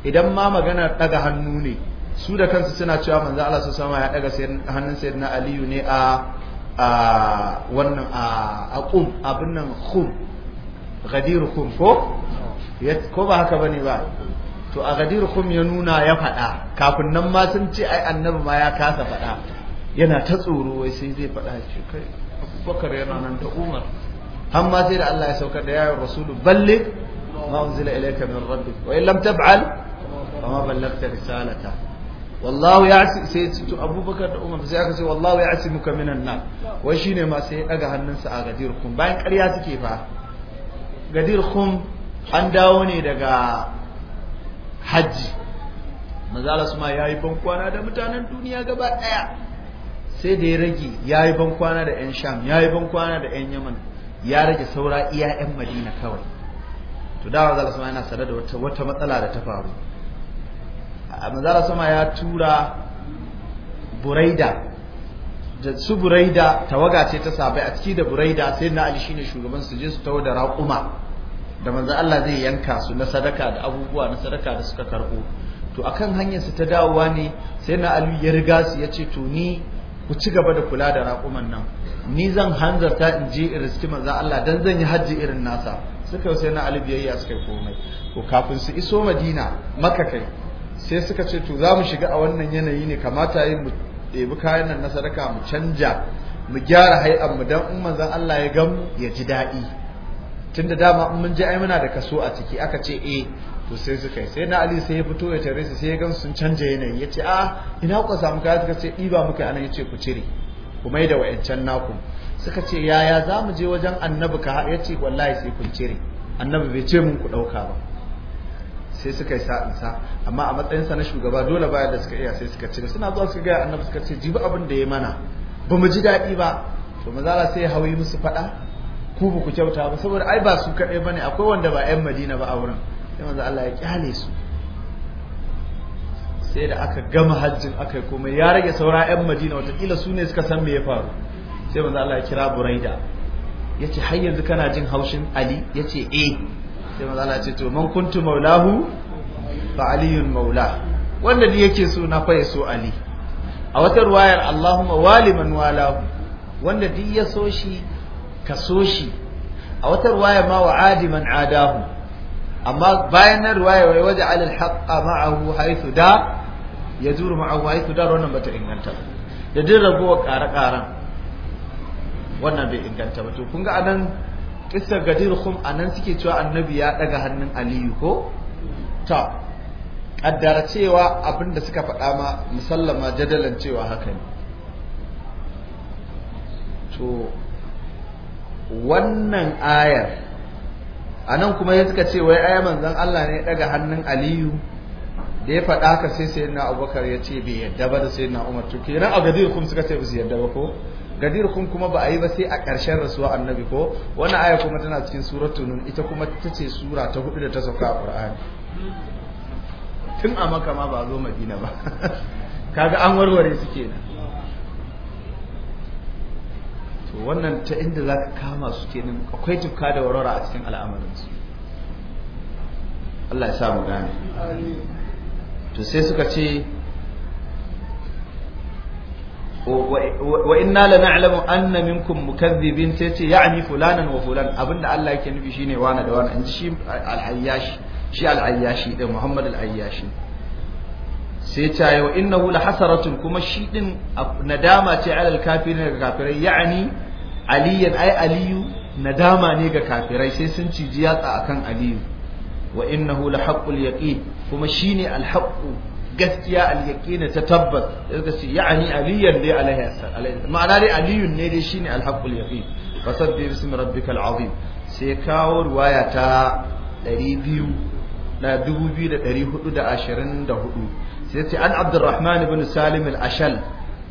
idan ma magana daga hannu ne su da kansu suna cewa manzo Allah su sama ya daga hannun na aliyu ne a a wannan a aqum abin nan khum ghadir khum ko ko ba haka bane ba to a gadir kum ya nuna ya faɗa kafin nan ma sun ce ai annabi ma ya kasa faɗa yana ta tsoro wai sai zai faɗa shi kai abubakar yana nan da umar har ma sai da Allah ya saukar da yayin rasulu balle ما أنزل إليك من ربك وإن لم تفعل فما بلغت رسالته والله يعصي سيد أبو بكر da Umar sai aka ce wallahu ya'simuka minan nar wai shine ma sai daga sa a gadir kum bayan ƙarya suke fa gadir kum an dawo ne daga hajji manzala suma yayi ban kwana da mutanen duniya gaba ɗaya sai da ya rage yayi ban kwana da ƴan sham yayi ban kwana da ƴan yaman ya rage saura iya ƴan madina kawai to da manzo sama yana sanar da wata wata matsala da ta faru manzo Allah sama ya tura Buraida da su Buraida tawaga ce ta sabai a ciki da Buraida sai na Ali shine shugaban su je su tawo da raƙuma da manzo Allah zai yanka su na sadaka da abubuwa na sadaka da suka karbo to akan hanyar su ta dawowa ne sai na Ali ya riga su ya ce to ni ku ci gaba da kula da raƙuman nan ni zan hanzarta in je in riski manzo Allah dan zan yi hajji irin nasa suka sai na ali biyayya suka komai ko kafin su iso madina maka kai sai suka ce to za mu shiga a wannan yanayi ne kamata yi mu ɗebi kayan nan na sadaka mu canja mu gyara hai'an mu dan in manzon Allah ya gamu ya ji daɗi tunda dama in mun je ai da kaso a ciki aka ce eh to sai suka yi sai na Ali sai ya fito ya tare su sai ya gansu sun canja yanayi ya ce a ah, ina ku samu kaya suka ce ɗiba muka anan ya ce ku cire ku mai da wa'ancan naku suka ce yaya za mu je wajen annabi ka ya ce wallahi sai kun cire annabi bai ce mun ku ɗauka ba sai suka yi sa'insa amma a matsayinsa na shugaba dole baya da suka iya sai suka cire suna zuwa suka gaya annabi suka ce jibi abin da ya mana ba mu ji daɗi ba to mazala sai ya musu faɗa ku ba ku kyauta ba saboda ai ba su kaɗai ba ne akwai wanda ba 'yan madina ba a wurin sai manzo Allah ya kyale su sai da aka gama hajjin aka yi komai ya rage saura 'yan madina watakila su ne suka san me ya faru sai wanda Allah ya kira Buraida Ya ce, har yanzu kana jin haushin Ali Ya ce, eh sai wanda Allah ya ce to man kuntu maulahu fa aliyun maula wanda ni yake so na fa so Ali a wata ruwayar Allahumma waliman walahu wanda duk ya so shi ka so shi a wata ruwaya ma wa adiman adahu amma bayan nan ruwaya wai waje alal haqqa ma'ahu haythu da ya ma'ahu haythu da wannan bata inganta da din rabuwa ƙara-ƙaran wannan bai inganta ba to kun ga anan kissar gadir khum anan suke cewa annabi ya daga hannun aliyu ko ta kaddara cewa abinda suka faɗa ma musallama jadalan cewa haka ne to wannan ayar anan kuma ya suka ce wai aya manzon Allah ne daga hannun aliyu da ya faɗa ka sai sayyidina abubakar ya ce bai yadda ba da sayyidina umar to kenan a gadir khum suka ce ba su yadda ba ko gadir kun kuma ba a yi ba sai a ƙarshen rasuwa annabi ko wannan aya kuma tana cikin suratul nun ita kuma ta ce sura ta hudu da ta sauka a qur'ani tun a maka ma ba zo madina ba kaga an warware su kenan to wannan ta inda zaka kama su kenan akwai tufka da warwara a cikin al'amuransu su Allah ya sa mu gane to sai suka ce wa inna la na'lamu anna minkum mukaththibin sai ce ya'ni fulanan wa fulan abinda Allah yake nufi shine wani da wani in shi al shi al-ayyashi din Muhammad sai ta yi wa innahu hasaratun kuma shi din nadama ce alal kafirin ga kafirai ya'ni aliyan ai aliyu nadama ne ga kafirai sai sun ciji yatsa akan aliyu wa innahu la haqqul yaqin kuma shine al-haqqu gaskiya al-yaqini ta tabbas da suka ce ya'ani aliyan dai alaihi ma'ana dai aliyun ne dai shine al-haqqul yaqin fasabbih bismi rabbikal azim sai kawo ruwaya ta 200 na 2424 sai ce an abdurrahman ibn salim al-ashal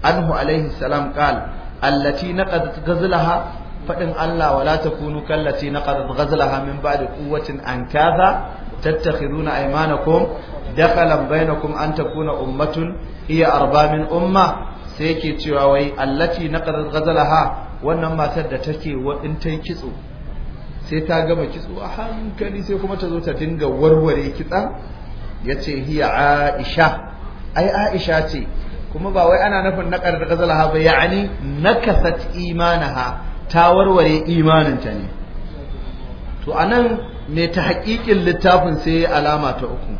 anhu alaihi salam qal allati naqadat ghazlaha fadin Allah wala takunu kallati naqadat ghazlaha min ba'di quwwatin ankaza na tattakhiduna aymanakum na kuma an takuna ummatun iya arba min umma sai yake cewa wai allati naqadat ghazalaha wannan matar da take wadin tai kitso sai ta gama kitso a hankali sai kuma ta zo ta dinga warware kitsan yace hiya aisha ai aisha ce kuma ba wai ana nufin naqadat ghazalaha ba ya'ani nakasat imanaha ta warware imaninta ne to anan mai ta haƙiƙin littafin sai ya alama ta uku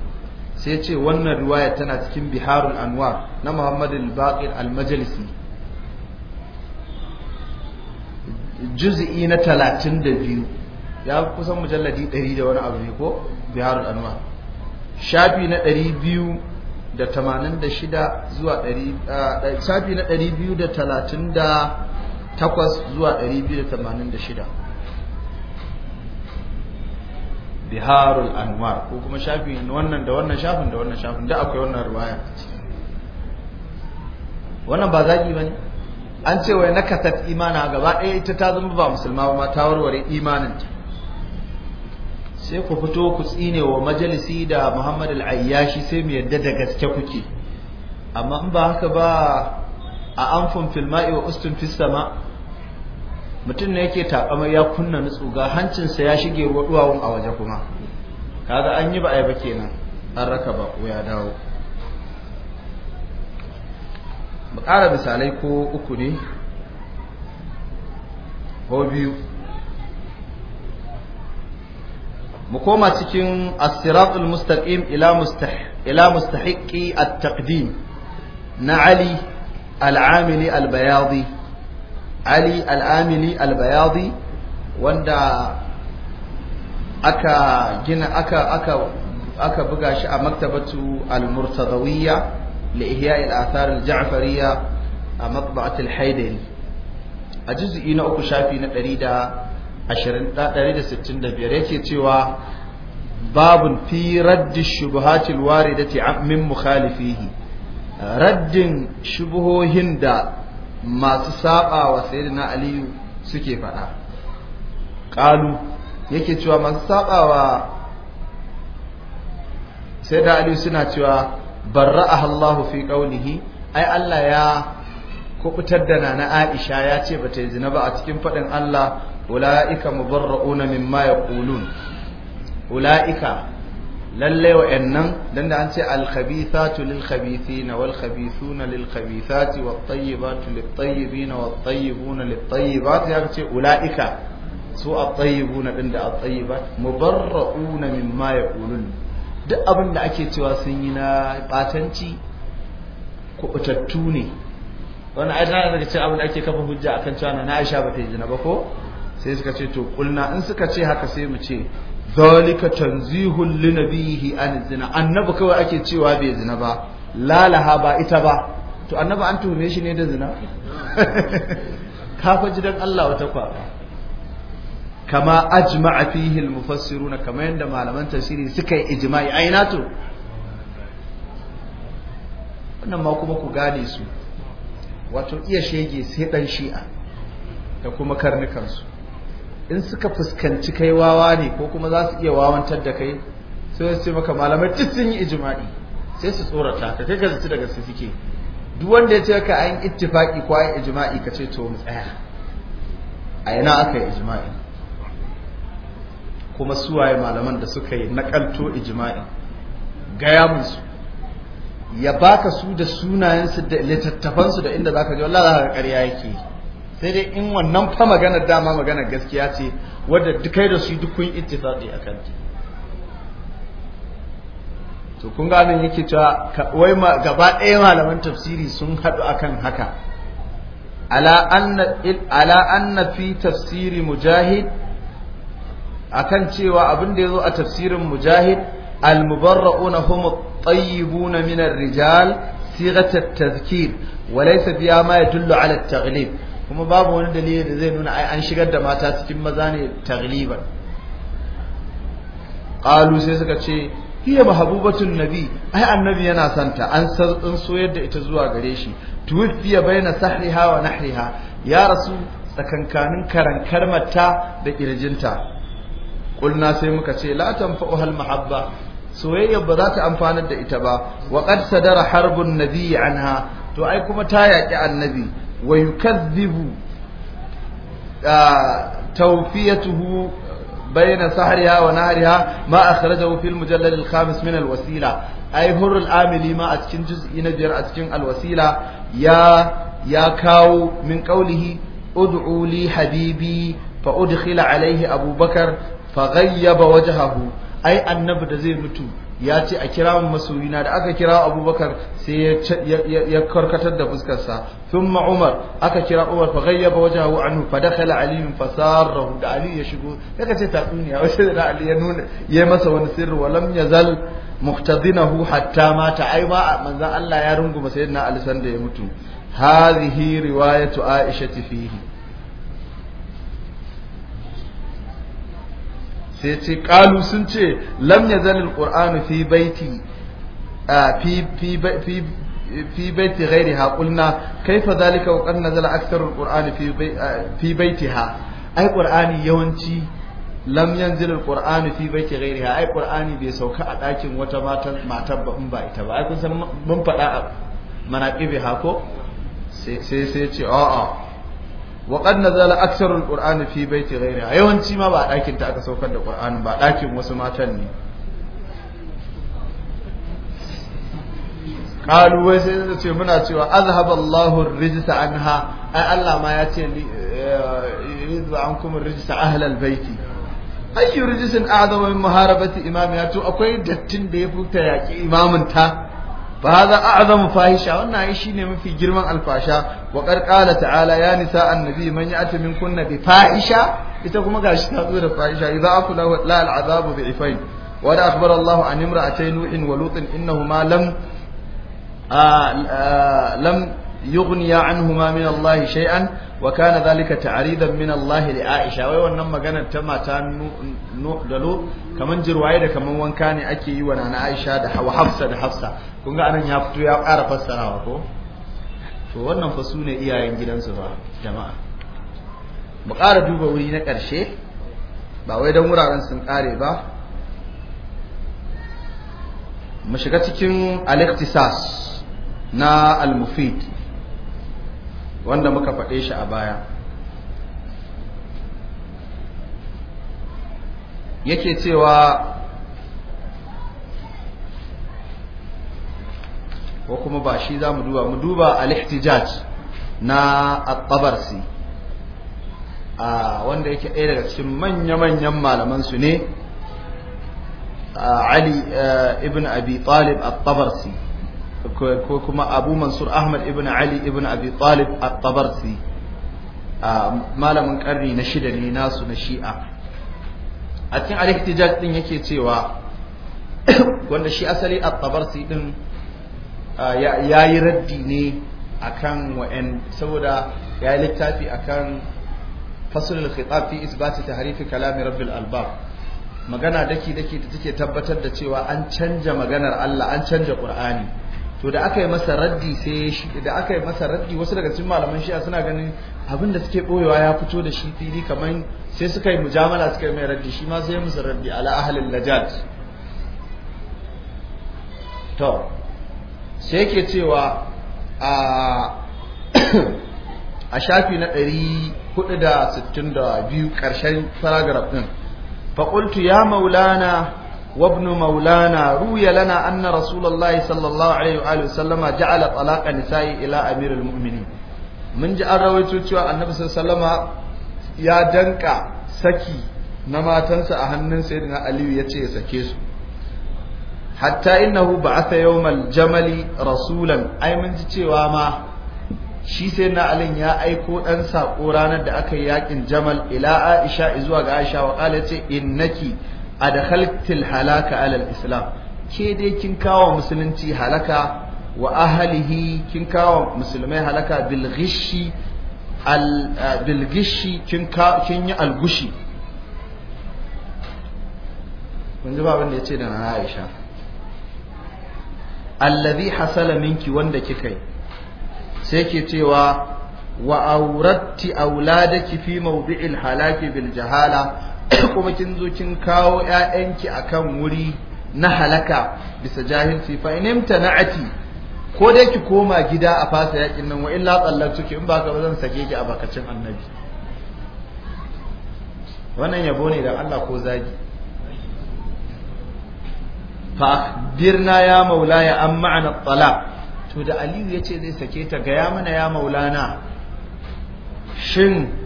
sai ce wannan riwaya tana cikin biharul anwar na Muhammadu al-baqir al-majalisi juz'i na talatin da biyu ya kusan mujalladi ɗari da wani abu ne ko biharul anwar shafi na biyu da tamanin da shida zuwa ɗari shafi na biyu da da talatin takwas zuwa biyu da da tamanin shida. biharul anwar ko kuma shafin wannan da wannan shafin da wannan shafin da akwai wannan ruwaya wannan ba zaki bane an ce wai nakasat imana gaba ɗaya ita ta zama ba musulma ba ta warware imanin ta sai ku fito ku tsine wa majalisi da Muhammad al-Ayyashi sai mu yadda da gaske kuke amma in ba haka ba a anfun filma'i wa ustun fis sama mutum ne yake takama ya kunna nutsu ga hancinsa ya shige duwawun a waje kuma kaga an yi ba a yi ba kenan an raka ko ya dawo mu ƙara misalai ko uku ne ko biyu mu koma cikin asiratul mustaqim ila mustahiqi at-taqdim na ali al-amili al-bayadi ali al'amili al-bayadi wanda aka gina aka aka aka buga shi a maktabatu al-murtadawiyya li ihya' al-athar al-ja'fariyya a matba'at al a juz'i na uku shafi na 120 165 cewa babun fi raddi shubuhatil waridati min mukhalifihi raddin shubuhohin da masu saba wa sayyidina aliyu suke faɗa qalu yake cewa masu saba wa sayyidina aliyu suna cewa barra'aha Allah fi qawlihi ai Allah ya kubutar da nana Aisha ya ce bata yi zina ba a cikin faɗin Allah ulaika mubarra'una mimma yaqulun ulaika lalle wa'annan dan da an ce al-khabithatu lil-khabithina wal-khabithuna lil-khabithati wat-tayyibatu lit-tayyibina wat-tayyibuna lit-tayyibati ya ce ulaika su at-tayyibuna din da at-tayyibat mubarra'una mimma yaqulun duk abin da ake cewa sun yi na batanci kubutattu ne wannan ayat na daga cikin abin da ake kafa hujja akan cewa na Aisha bata yi zina ba ko sai suka ce to kulna in suka ce haka sai mu ce zalika tanzihun li nabihi an zina annabi kawai ake cewa bai zina ba lalaha ba ita ba to annabi an tuhume shi ne da zina kafa jidan Allah wata kwa kama ajma'a fihi almufassiruna mufassiruna kama yanda malaman tafsiri suka yi ijma'i aina to wannan ma kuma ku gane su wato iya shege sai dan shi'a da kuma karnukan su. in suka fuskanci kai wawa ne ko kuma za su iya wawantar da kai sai su ce maka malamai duk sun yi ijma'i sai su tsorata ka kai ka daga su suke duk wanda ya ce ka an ittifaqi ko an ijma'i ka ce to mu tsaya a yana aka yi ijma'i kuma suwaye malaman da suka yi nakalto ijma'i gaya musu ya baka su da sunayensu da littattafansu da inda zaka je wallahi zaka ƙarya yake yi sai dai in wannan fa magana dama maganar gaskiya ce wadda dukai da su duk kun ittifaqi akan ta to kun ga nan yake ta wai gaba ɗaya malaman tafsiri sun haɗu akan haka ala anna ala anna fi tafsiri mujahid akan cewa abin da yazo a tafsirin mujahid المبرؤون هم الطيبون من الرجال صيغة التذكير وليس فيها ما يدل على التغليب kuma babu wani dalili da zai nuna ai an shigar da mata cikin maza ne tagliban qalu sai suka ce hiya mahabubatun nabi ai annabi yana santa an san so da ita zuwa gare shi tuwfiya baina sahriha wa nahriha ya rasu tsakankanin karankar mata da kirjinta kulna sai muka ce la tanfa'u hal mahabba soyayya ba za ta amfanar da ita ba wa qad sadara harbun nabi anha to ai kuma ta yaki annabi wa yukazzibu tawfiyatuhu بين سهرها ونهرها ما أخرجه في المجلد الخامس من الوسيلة أي هر العامل ما أتكن جزء نجر أتكن الوسيلة يا يا كاو من قوله ادعوا لي حبيبي فأدخل عليه أبو بكر فغيب وجهه أي النبي زي متو ya ce a kira min masoyina da aka kira abubakar sai ya karkatar da fuskarsa thumma umar aka kira umar fa ghayyaba wajhahu anhu fa dakhala ali fa sarrahu da ali ya shigo daga ce tatsuniya wace da ali ya nuna ya masa wani sirri wa lam yazal muhtadinahu hatta mata ai ma manzan Allah ya runguma sayyidina ali sanda ya mutu hadhihi riwayatu aisha fihi sai ce qalu sun ce lam yazal alqur'anu fi baiti fi fi fi fi baiti ghairiha qulna kaifa dhalika wa qad nazala aktharu alqur'ani fi fi baitiha ai qur'ani yawanci lam yanzil alqur'anu fi baiti ha ai qur'ani bai sauka a dakin wata mata matar ba in ba ita ba ai kun san mun faɗa manaqibi ha ko sai sai ce a'a wa qad nazala aktharul qur'ani fi baiti A yawanci ma ba dakin ta aka saukar da qur'ani ba dakin wasu matan ne qalu wai sai su ce muna cewa azhaba Allahu ar-rijsa anha ai Allah ma ya ce eh, yuzba ankum ar-rijsa ahla al-baiti ayyu rijsin a'zama min muharabati imamiyatu akwai dattin da ya futa yaki imamin ta fa hadha a'zamu fahisha wannan ai ne mafi girman alfasha Waƙar qad qala ta'ala ya nisa annabi man ya'ti min kunna bi fahisha ita kuma gashi ta zo da Fa'isha. idza akula la al'azabu bi ifain wa da akhbara Allah an imra'atay nuhin wa lutin innahuma lam ah, ah, lam yughniya anhuma min Allah shay'an wa kana zalika ta'ridan min Allah li Aisha wai wannan maganar ta mata nu da kaman jirwaye da kaman wanka ne ake yi wa nana Aisha da Hafsa da Hafsa kun ga anan ya fito ya ƙara fassarawa ko to wannan fa su ne iyayen gidansu ba jama'a mu ƙara duba wuri na ƙarshe ba wai don wuraren sun ƙare ba mu shiga cikin al na al-mufid wanda muka faɗe shi a baya yake cewa ko kuma ba shi za mu duba mu duba al-ihtijaj na at-tabarsi a wanda yake ɗaya daga cikin manya-manyan malaman su ne Ali eh, ibn Abi Talib at-Tabarsi ko kuma abu mansur ahmad ibn ali ibn abi talib at-tabarsi ah, malamin karni na shida ne nasu na shi'a a cikin al-ihtijaj din yake cewa wanda shi asali at-tabarsi din ah, yayi raddi ne akan wa'an saboda yayi littafi akan fasl al-khitab fi isbati tahrif kalam rabbil albab magana daki daki da take tabbatar da cewa an canja maganar Allah an canja Qur'ani to da aka yi masa raddi sai shi da aka yi masa raddi wasu daga cikin malaman shi'a suna ganin abin da suke boyewa ya fito da shi fili kamar sai suka yi mujamala suka yi mai raddi shi ma sai musu raddi ala ahlil lajaj to sai yake cewa a a shafi na 462 karshen paragraph din fa qultu ya maulana Wabnu Maulana روي لنا أن رسول الله صلى الله عليه وآله وسلم جعل طلاق النساء إلى أمير المؤمنين من جاء رويته annabi ya danka saki na matansa a hannun sayyidina aliyu yace ya sake su hatta in na innahu ba'atha yawmal jamali rasulan ai mun ji cewa ma shi sayyidina ali ya aiko dan sako ranar da aka yi yakin jamal ila aisha zuwa ga aisha wa qala yace innaki adkhaltil halaka alal islam ke dai kin kawo musulunci halaka wa ahlihi kin kawo musulmai halaka bilgishi eh, kin yi algushi kun ji da ya yace da na Aisha allazi hasala minki wanda kika yi sai ke cewa wa auratti auladaki fi mawdi'il halaki bil jahala kuma kin zo kin kawo ƴaƴanki akan wuri na halaka bisa jahilci fa in na'ati ko dai ki koma gida a fasa yakin nan wa illa ki in ba ka zan sake ki a bakacin annabi wannan yabo ne da Allah ko zagi fa birna ya maulaya an ma'ana talaq to da Aliyu yace zai sake ta ga ya mana ya maulana shin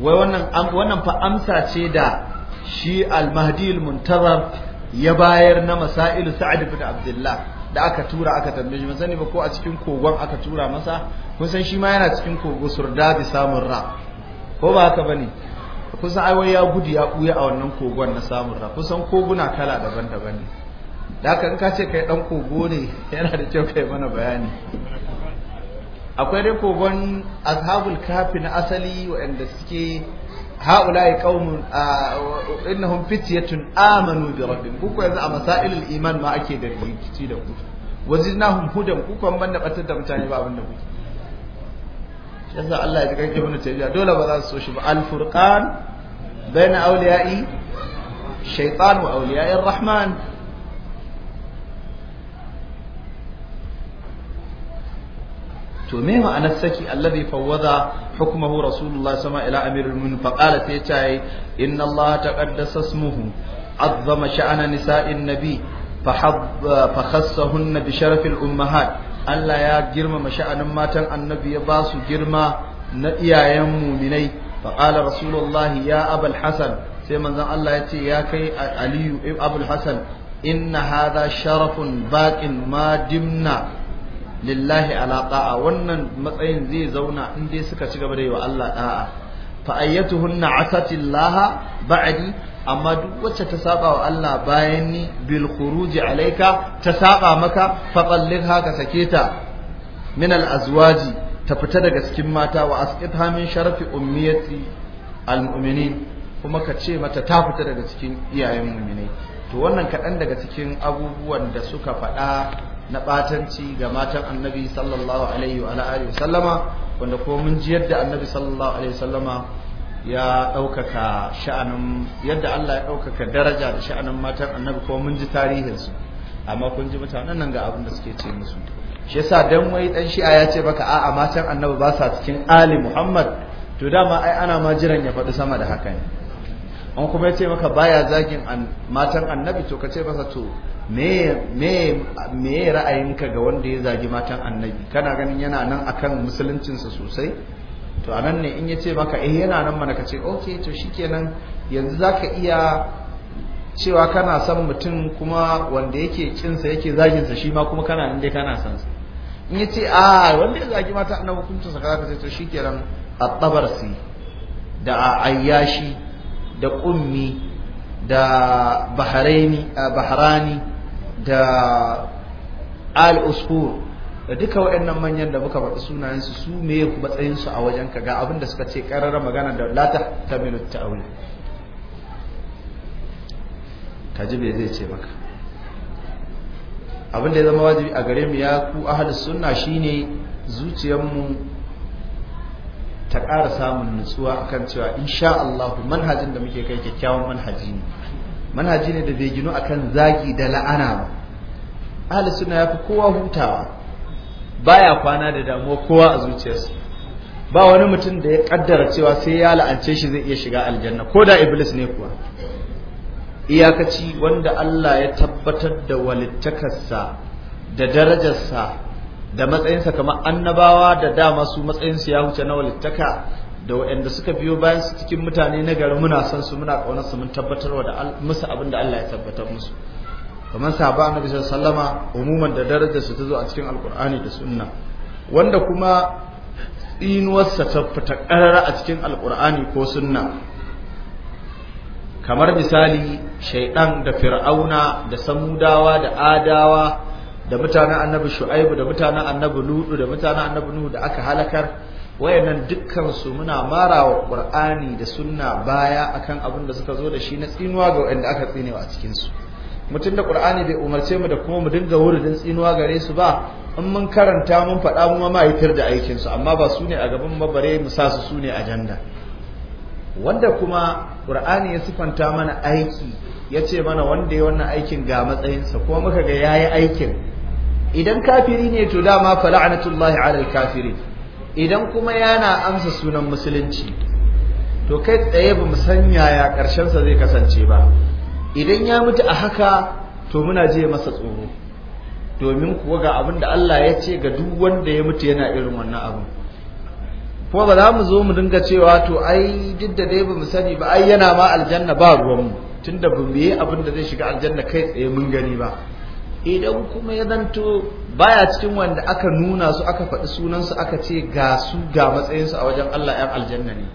wai wannan wannan fa amsa ce da shi al-mahdi al-muntazar ya bayar na masailu sa'ad ibn abdullah da aka tura aka tambaye shi sani ba ko a cikin kogon aka tura masa kun san shi ma yana cikin kogo surda bi samun ra ko ba haka bane kusan ai wai ya gudu ya buya a wannan kogon na samun ra kusan koguna kala daban-daban ne da haka in ka ce kai dan kogo ne yana da kyau kai mana bayani akwai rikogon kogon kafi na asali waɗanda suke haulai qaumun innahum fityatun amanu bi rabbihim kuka yanzu a masailul iman ma ake da rikici da ku wazinahum hudan kuka ban da batar da mutane ba abinda da kuke yasa Allah ya kake mana tabiya dole ba za su so shi ba al furqan na awliya'i shaytan wa awliya'ir rahman to me ma'anar saki a fawwada hukmuhu rasulullah sama ila amirul mu'minin fa qala sai ce inna allah taqaddasa ismuhu azzama sha'ana nisa'in nabi fa khassahunna bi sharafil ummahat Allah ya girmama sha'anin matan annabi ya ba su girma na iyayen muminai fa qala rasulullah ya abul hasan sai manzon Allah ya ce ya kai aliyu eh, abul hasan inna hadha sharafun baqin ma dimna lillahi ala ta'a wannan matsayin zai zauna in dai suka ci gaba da yi wa Allah ta'a fa ayyatuhunna asatillaha ba'di amma duk wacce ta saba wa Allah bayan ni bil khuruji alayka ta saba maka fa talliqha ka sake ta min al azwaji ta fita daga cikin mata wa asqitha min sharafi ummiyati al mu'minin kuma ka ce mata ta fita daga cikin iyayen mu'minai to wannan kaɗan daga cikin abubuwan da suka faɗa na ɓatanci ga matan annabi sallallahu alaihi wa alihi sallama wanda ko mun ji yadda annabi sallallahu alaihi wa sallama ya ɗaukaka sha'anin yadda Allah ya ɗaukaka daraja da sha'anin matan annabi ko mun ji su. amma kun ji mutanen nan ga abin da suke ce musu shi yasa dan wai dan shi'a ya ce baka, a'a matan annabi ba sa cikin ali muhammad to dama ai ana ma jiran ya faɗi sama da haka ne an kuma ce maka baya zagin matan annabi to ka ce masa to me ra'ayinka ga wanda ya zagi matan annabi kana ganin yana nan akan musuluncinsa sosai to anan ne in ya ce maka eh yana nan mana ka ce ok to shikenan yanzu zaka iya cewa kana son mutum kuma wanda yake kinsa yake zaginsa shi ma kuma kana nan dai kana son sa in ya ce a wanda ya zagi matan annabi hukuncinsa kaza ka ce to shikenan at-tabarsi da ayyashi da ƙummi da baharani da al-uskur da duka waɗannan manyan da muka faɗi sunayensu su me matsayinsu a wajen ka ga abin da suka ce ƙararra magana da lata ta milu ta'awul ji bai zai ce maka abin da ya zama wajibi a gare mu ya ku ahli sunna shine zuciyarmu ta ƙara samun nutsuwa kan cewa insha allahu manhajin da muke kai kyakkyawan manhaji ne manhaji ne da bai ginu kan zagi da la'ana ba ahli suna ya fi kowa hutawa baya kwana da damuwa kowa a zuciyarsa ba wani mutum da ya kaddara cewa sai ya la'ance shi zai iya shiga aljanna ko da iblis ne kuwa iyakaci wanda Allah ya tabbatar da walittakarsa da darajarsa da matsayinsa kamar annabawa da dama su matsayinsu ya huce na walittaka da waɗanda suka biyo bayan su cikin mutane na gari muna son su muna ƙaunar su mun tabbatarwa da musu abin da Allah ya tabbatar musu kamar sahaba annabi sallama umuman da darajar su ta zo a cikin alkur'ani da sunna wanda kuma tsinuwarsa ta fita ƙarara a cikin alkur'ani ko sunna kamar misali shaidan da fir'auna da samudawa da adawa da mutanen annabi shu'aibu da mutanen annabi ludu da mutanen annabi nuhu da aka halakar wayannan dukkan su muna marawa qur'ani da sunna baya akan abin da suka zo da shi na tsinuwa ga wanda aka tsinewa a cikin su mutum da qur'ani bai umarce mu da kuma mu dinga wurin tsinuwa gare su ba in mun karanta mun faɗa mu ma da aikin su amma ba su a gaban mabare mu sa su sune ajanda wanda kuma qur'ani ya sifanta mana aiki ya ce mana wanda ya wannan aikin ga matsayinsa kuma muka ga yayi aikin idan kafiri ne to dama fa la'natullahi alal kafiri, idan kuma yana amsa sunan musulunci to kai tsaye ba mu san yaya karshen sa zai kasance ba idan ya mutu a haka to muna je masa tsoro domin kuwa ga abin da Allah ya ce ga duk wanda ya mutu yana irin wannan abu kuma ba za mu zo mu dinga cewa to ai duk da dai ba mu sani ba ai yana ma aljanna ba ruwanmu tunda ba mu yi abin da zai shiga aljanna kai tsaye mun gani ba idan kuma ya zanto baya cikin wanda aka nuna su aka faɗi sunansu aka ce ga su ga matsayinsu a wajen Allah ‘yan aljanna ne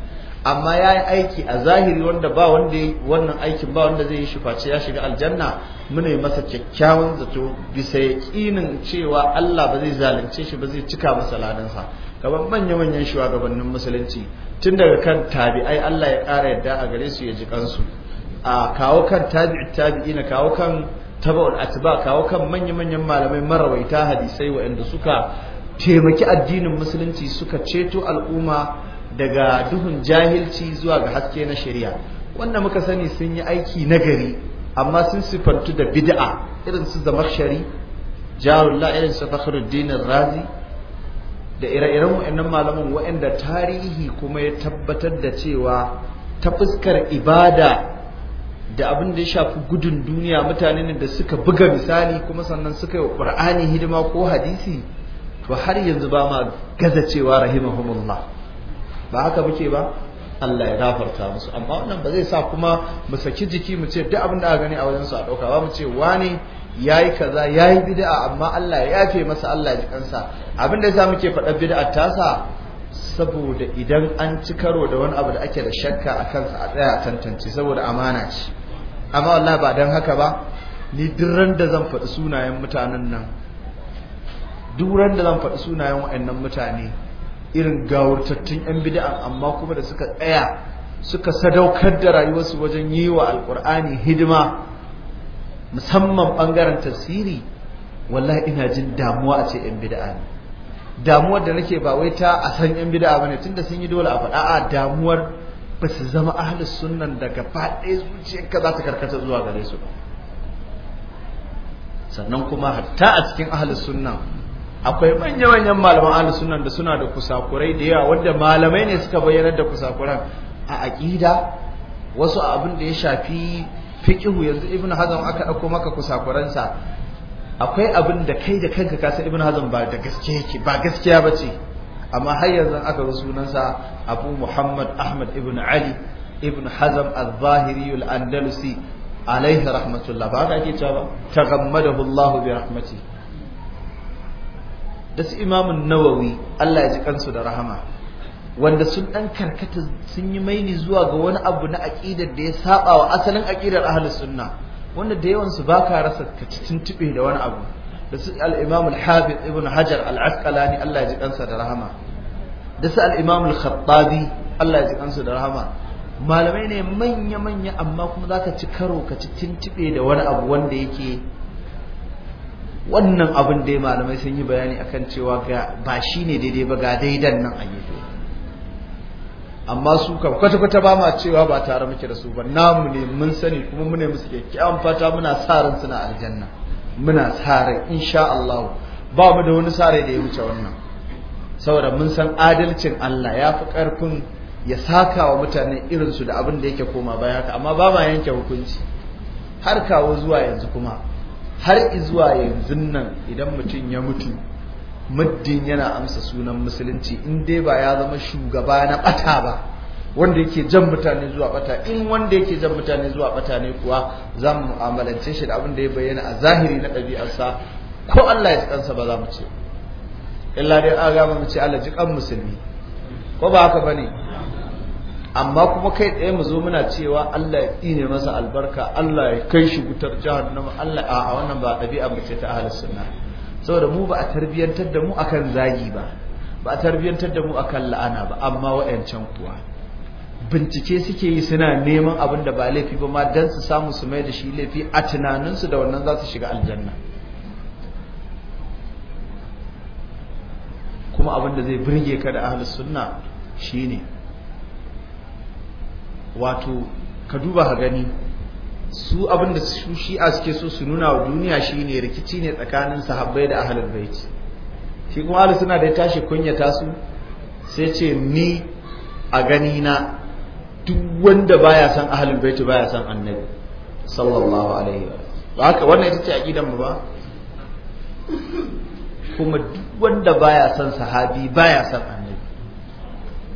amma ya yi aiki a zahiri wanda ba wanda wannan aikin ba wanda zai yi face ya shiga aljanna muna yi masa kyakkyawan zato bisa yaƙinin cewa Allah ba zai zalunce shi ba zai cika masa ladansa gaban manya-manyan shugabannin musulunci tun daga kan tabi'ai Allah ya ƙara yadda a gare su ya ji kansu a kawo kan tabi'i tabi'i na kawo kan tabaul atba kawo kan manya-manyan malamai marawaita hadisai waɗanda suka taimaki addinin musulunci suka ceto al'umma daga duhun jahilci zuwa ga haske na shari'a wanda muka sani sun yi aiki nagari amma sun sifantu da bid'a irin su Zama-shari, jarullah irin su fakhruddin razi da ire-iren wa'annan malamin wa'anda tarihi kuma ya tabbatar da cewa ta fuskar ibada da abin da ya shafi gudun duniya mutanen da suka buga misali kuma sannan suka yi ƙur'ani, hidima ko hadisi to har yanzu ba ma gaza cewa rahimahumullah ba haka muke ba Allah ya gafarta musu amma wannan ba zai sa kuma mu saki jiki mu ce duk abin da aka gani a wajen su a dauka ba mu ce wani yayi kaza yayi bid'a amma Allah ya yafe masa Allah ji kansa abin da yasa muke faɗa bid'a tasa saboda idan an ci karo da wani abu da ake da shakka a kansa a tsaya tantance saboda amana ce amma wallahi ba don haka ba ni duran da zan faɗi sunayen mutanen nan duran da zan faɗi sunayen waɗannan mutane irin gawurtattun yan bid'a amma kuma da suka tsaya suka sadaukar da rayuwarsu wajen yi wa alkur'ani hidima musamman ɓangaren tasiri, wallahi ina jin damuwa a ce yan bid'a ne damuwar da nake ba wai ta a san yan bid'a bane tunda sun yi dole a faɗa a damuwar ba su zama ahli sunan daga faɗe zuciya zuciyarka za ta karkata zuwa gare su sannan kuma hatta a cikin ahli sunan akwai manya-manyan malaman ahli sunan da suna da kusakurai da yawa wanda malamai ne suka bayyanar da kusakuran a aƙida wasu abin da ya shafi fiƙihu yanzu ibn hazan aka ɗauko maka kusakuransa akwai abin da kai da kanka ka ibn hazan ba da gaske ba gaskiya ce. amma har yanzu aka ga sunansa abu muhammad ahmad ibn ali ibn hazam al-zahiri al-andalusi alaihi rahmatullah ba haka ake cewa ba tagammadahu allah bi rahmati da su imamun nawawi allah ya ji kansu da rahama wanda sun dan karkata sun yi maili zuwa ga wani abu na aqidar da ya saba wa asalin aqidar ahlus sunna wanda da yawan su baka rasa ka da wani abu da su al-imam al-hafiz ibn hajar al-asqalani Allah ya ji kansa da rahama da su al al-khattabi Allah ya ji kansu da rahama malamai ne manya manya amma kuma za ka ci karo ka ci tintibe da wani abu wanda yake wannan abin da malamai sun yi bayani a kan cewa ba shi ne daidai ba ga daidan nan a gefe amma su kam kwata kwata ba ma cewa ba tare muke da su ba namu ne mun sani kuma mune musu kyakkyawan fata muna sa ran suna aljanna muna sa ran insha Allah ba mu da wani sare da ya wuce wannan saboda mun san adalcin Allah ya fi ƙarfin ya saka wa mutane irinsu da abin da yake koma baya haka amma ba ma yanke hukunci har kawo zuwa yanzu kuma har zuwa yanzu nan idan mutum ya mutu muddin yana amsa sunan musulunci in dai ba ya zama shugaba na bata ba wanda yake jan mutane zuwa bata in wanda yake jan mutane zuwa bata ne kuwa za mu mu'amalance shi da abin da ya bayyana a zahiri na ɗabi'arsa ko Allah ya tsansa ba za mu ce illa dai an gama mu ce Allah ji kan musulmi ko ba haka bane amma kuma kai tsaye mu zo muna cewa Allah ya tsine masa albarka Allah ya kai shi gutar jahannama Allah a wannan ba ɗabi'a mu ce ta ahlus sunna saboda mu ba a tarbiyantar da mu akan zagi ba ba a tarbiyantar da mu akan la'ana ba amma wayancan kuwa bincike suke yi suna neman abin da ba laifi ba ma dan su samu su mai da shi laifi a tunaninsu da wannan za su shiga aljanna kuma abin da zai birge ka da ahli sunna shine wato ka duba ka gani su abin da su shi'a suke so su nuna wa duniya shine rikici ne tsakanin sahabbai da ahlul bait shi kuma ahli sunna da ya tashi kunyata su sai ce ni a gani na duk wanda baya san ahlul bait baya san annabi sallallahu alaihi wa haka wannan ita ce aqidan mu ba kuma duk wanda baya son sahabi baya son annabi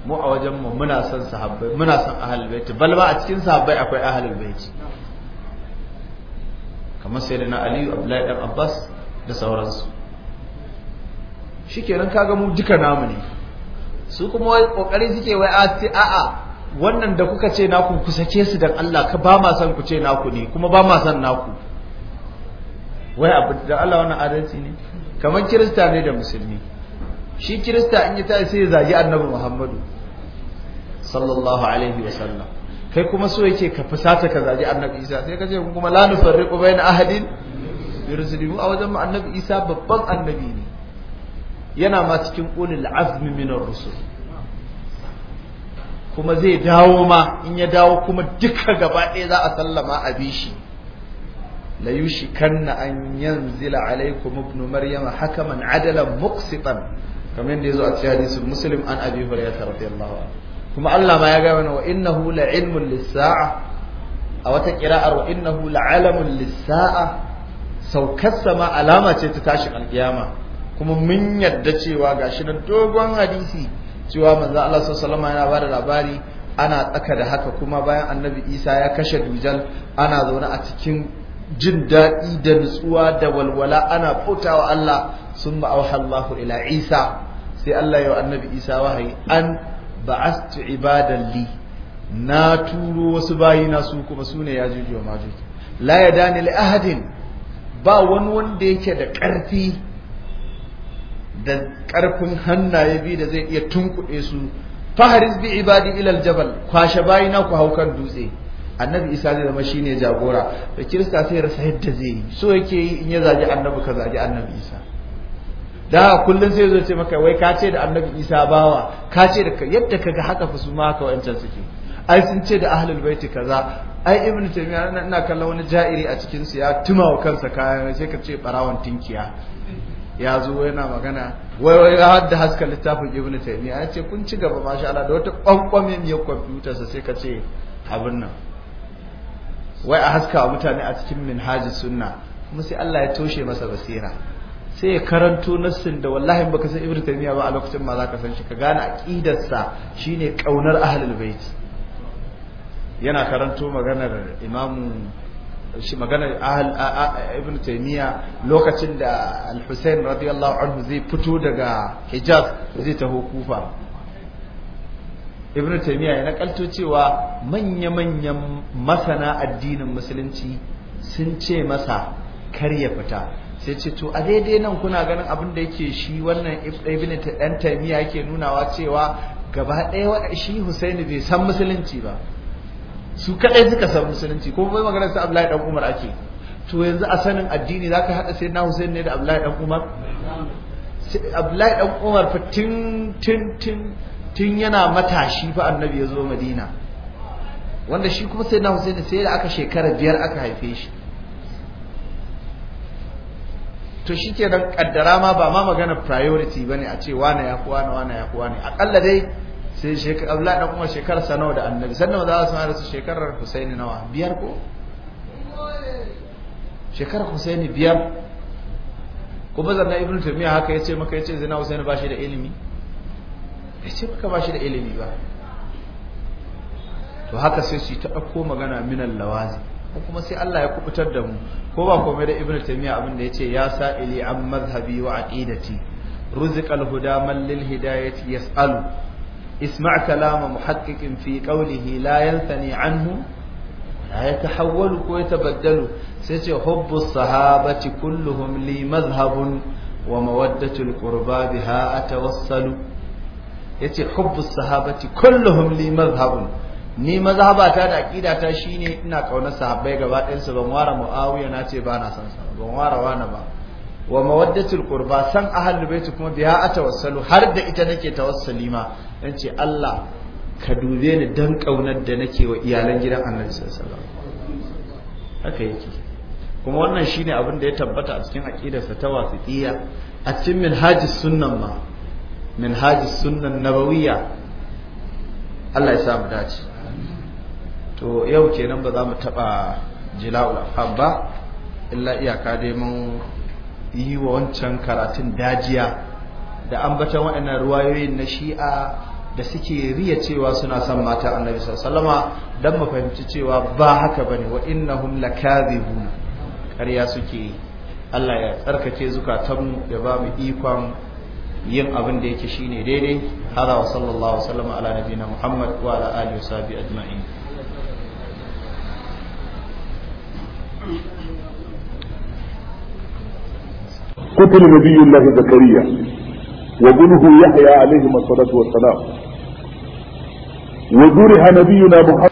mu a wajen mu muna son sahabbai muna son ahlul bait balma a cikin sahabbai akwai ahlul bait kamar sayyidina ali abdullahi dan abbas da sauransu shikenan kaga mu duka namu ne su kuma wai kokari suke wai a a'a wannan da kuka ce naku ku sake su dan Allah ka ba ma san ku ce naku ne kuma ba ma san naku wai abu da Allah wannan adalci ne kamar kirista ne da musulmi shi kirista in yi ta sai ya zagi annabi muhammadu sallallahu alaihi wasallam kai kuma so yake ka fusata ka zagi annabi isa sai ka ce kuma la nufarriqu bayna ahadin yursilu a wajen annabi isa babban annabi ne yana ma cikin ulul azmi min rusul kuma zai dawo ma in ya dawo kuma duka gaba ɗaya za a sallama a bishi la yushikanna an yanzila alaykum ibn maryama hakaman adalan muqsitan kamar yadda yazo a cikin hadisin muslim an abi hurayra radiyallahu anhu kuma Allah ma ya ga mana wa innahu la ilmun lis-sa'a a wata qira'a wa innahu la alamun lis-sa'a saukar sama alama ce ta tashi alkiyama kuma mun yadda cewa gashi na dogon hadisi cewa manzo Allah sallallahu alaihi yana bada labari ana tsaka da haka kuma bayan annabi Isa ya kashe dujal ana zaune a cikin jin daɗi da nutsuwa da walwala ana bautawa Allah sun ma'auha Allahu ila Isa sai Allah yau annabi Isa wahayi an ba'astu ibadalli. na turo wasu bayina su kuma su ne ya jujuwa majuju la ya dani li ahadin ba wani wanda yake da ƙarfi da ƙarfin hannaye biyu da zai iya tunkuɗe su fa bi ibadi ilal jabal kwashe bayina ku hau kan dutse annabi isa zai zama shine jagora da kirista sai rasa yadda zai yi so yake yi in ya zagi annabi ka zagi annabi isa da kullum sai zo ce maka wai ka ce da annabi isa bawa ka ce da yadda kaga haka fa su ma haka wancan suke ai sun ce da ahlul baiti kaza ai ibnu taymiya ina kallon wani ja'iri a cikin su ya tuma wa kansa kayan sai ka ce barawan tinkiya ya zo yana magana wai wai har da haska littafin ibnu taymiya ya ce kun ci gaba masha Allah da wata kwankwame miyar kwamfutarsa sai ka ce abin nan wai a haska wa mutane a cikin minhaji sunna kuma sai Allah ya toshe masa basira sai ya karanto nassin da wallahi baka san ibnu taymiya ba a lokacin ma zaka san shi ka gane sa shine kaunar ahlul bait yana karanto maganar imamu shi maganar ibn taymiya lokacin da al-husayn radiyallahu anhu zai fito daga hijaz zai taho kufa ibn taymiya ya nakalto cewa manya-manyan masana addinin musulunci sun ce masa kar ya fita sai ce to a daidai nan kuna ganin abin da yake shi wannan ibn dan taymiya yake nunawa cewa gaba ɗaya shi husaini bai san musulunci ba su kaɗai suka san musulunci ko bai magana sai abdullahi dan umar ake to yanzu a sanin addini zaka hada na husaini ne da abdullahi dan umar abdullahi dan umar fa tin tin tin tun yana matashi fa annabi ya zo madina wanda shi kuma sai na husaini sai da aka shekara biyar aka haife shi to shi ke nan kaddara ma ba ma magana priority ba ne a ce wane ya fi wane wane ya fi wane akalla dai sai shekara abu da kuma shekarar sa nawa da annabi sannan za su mara su shekarar husaini nawa biyar ko shekarar husaini biyar kuma zanna Ibn tumiya haka ya ce maka ce zina husaini ba shi da ilimi ya ce baka ba shi da ilimi ba to haka sai su yi ta ɗauko magana minan lawazi ko kuma sai Allah ya kubutar da mu ko ba kome da ibnu taymiya abin da yace ya ili an mazhabi wa aqidati ruzqal huda man lil hidayati yas'alu isma' kalam muhaqqiqin fi qawlihi la yanthani anhu la yatahawwalu ko yatabaddalu sai ce hubbu sahabati kulluhum li mazhabun wa mawaddatul qurba biha atawassalu Ya ce hubbus sahabati kulluhum li madhhabun ni mazhabata da aqida shine ina kauna sahabbai gaba ɗayan su ban wara muawiya na ce ba na san sa ban wara wani ba wa mawaddatul qurba san ahlul bait kuma biya atawassalu har da ita nake tawassali ma ce Allah ka dube ni dan kaunar da nake wa iyalan gidan Annabi sallallahu alaihi wasallam haka yake kuma wannan shine abin da ya tabbata a cikin aqidarsa ta wasiqiya a cikin minhajis sunnan ma minhajis sunnan nabawiyya Allah ya sa mu dace to yau kenan ba za mu taba jila'ul afham ba illa iyaka dai mun yi wa wancan karatun dajiya da ambatan waɗannan ruwayoyin na shi'a da suke riya cewa suna son mata annabi sallama don mu fahimci cewa ba haka ba ne wa innahum lakazibun Karya suke Allah ya tsarkake zukatanmu ya ba mu ikon yin abin da yake shine daidai hada wa sallallahu wasallam ala nabiyina muhammad wa ala alihi washabi ajma'in قتل نبي الله زكريا وابنه يحيى عليهما الصلاة والسلام وجرح نبينا محمد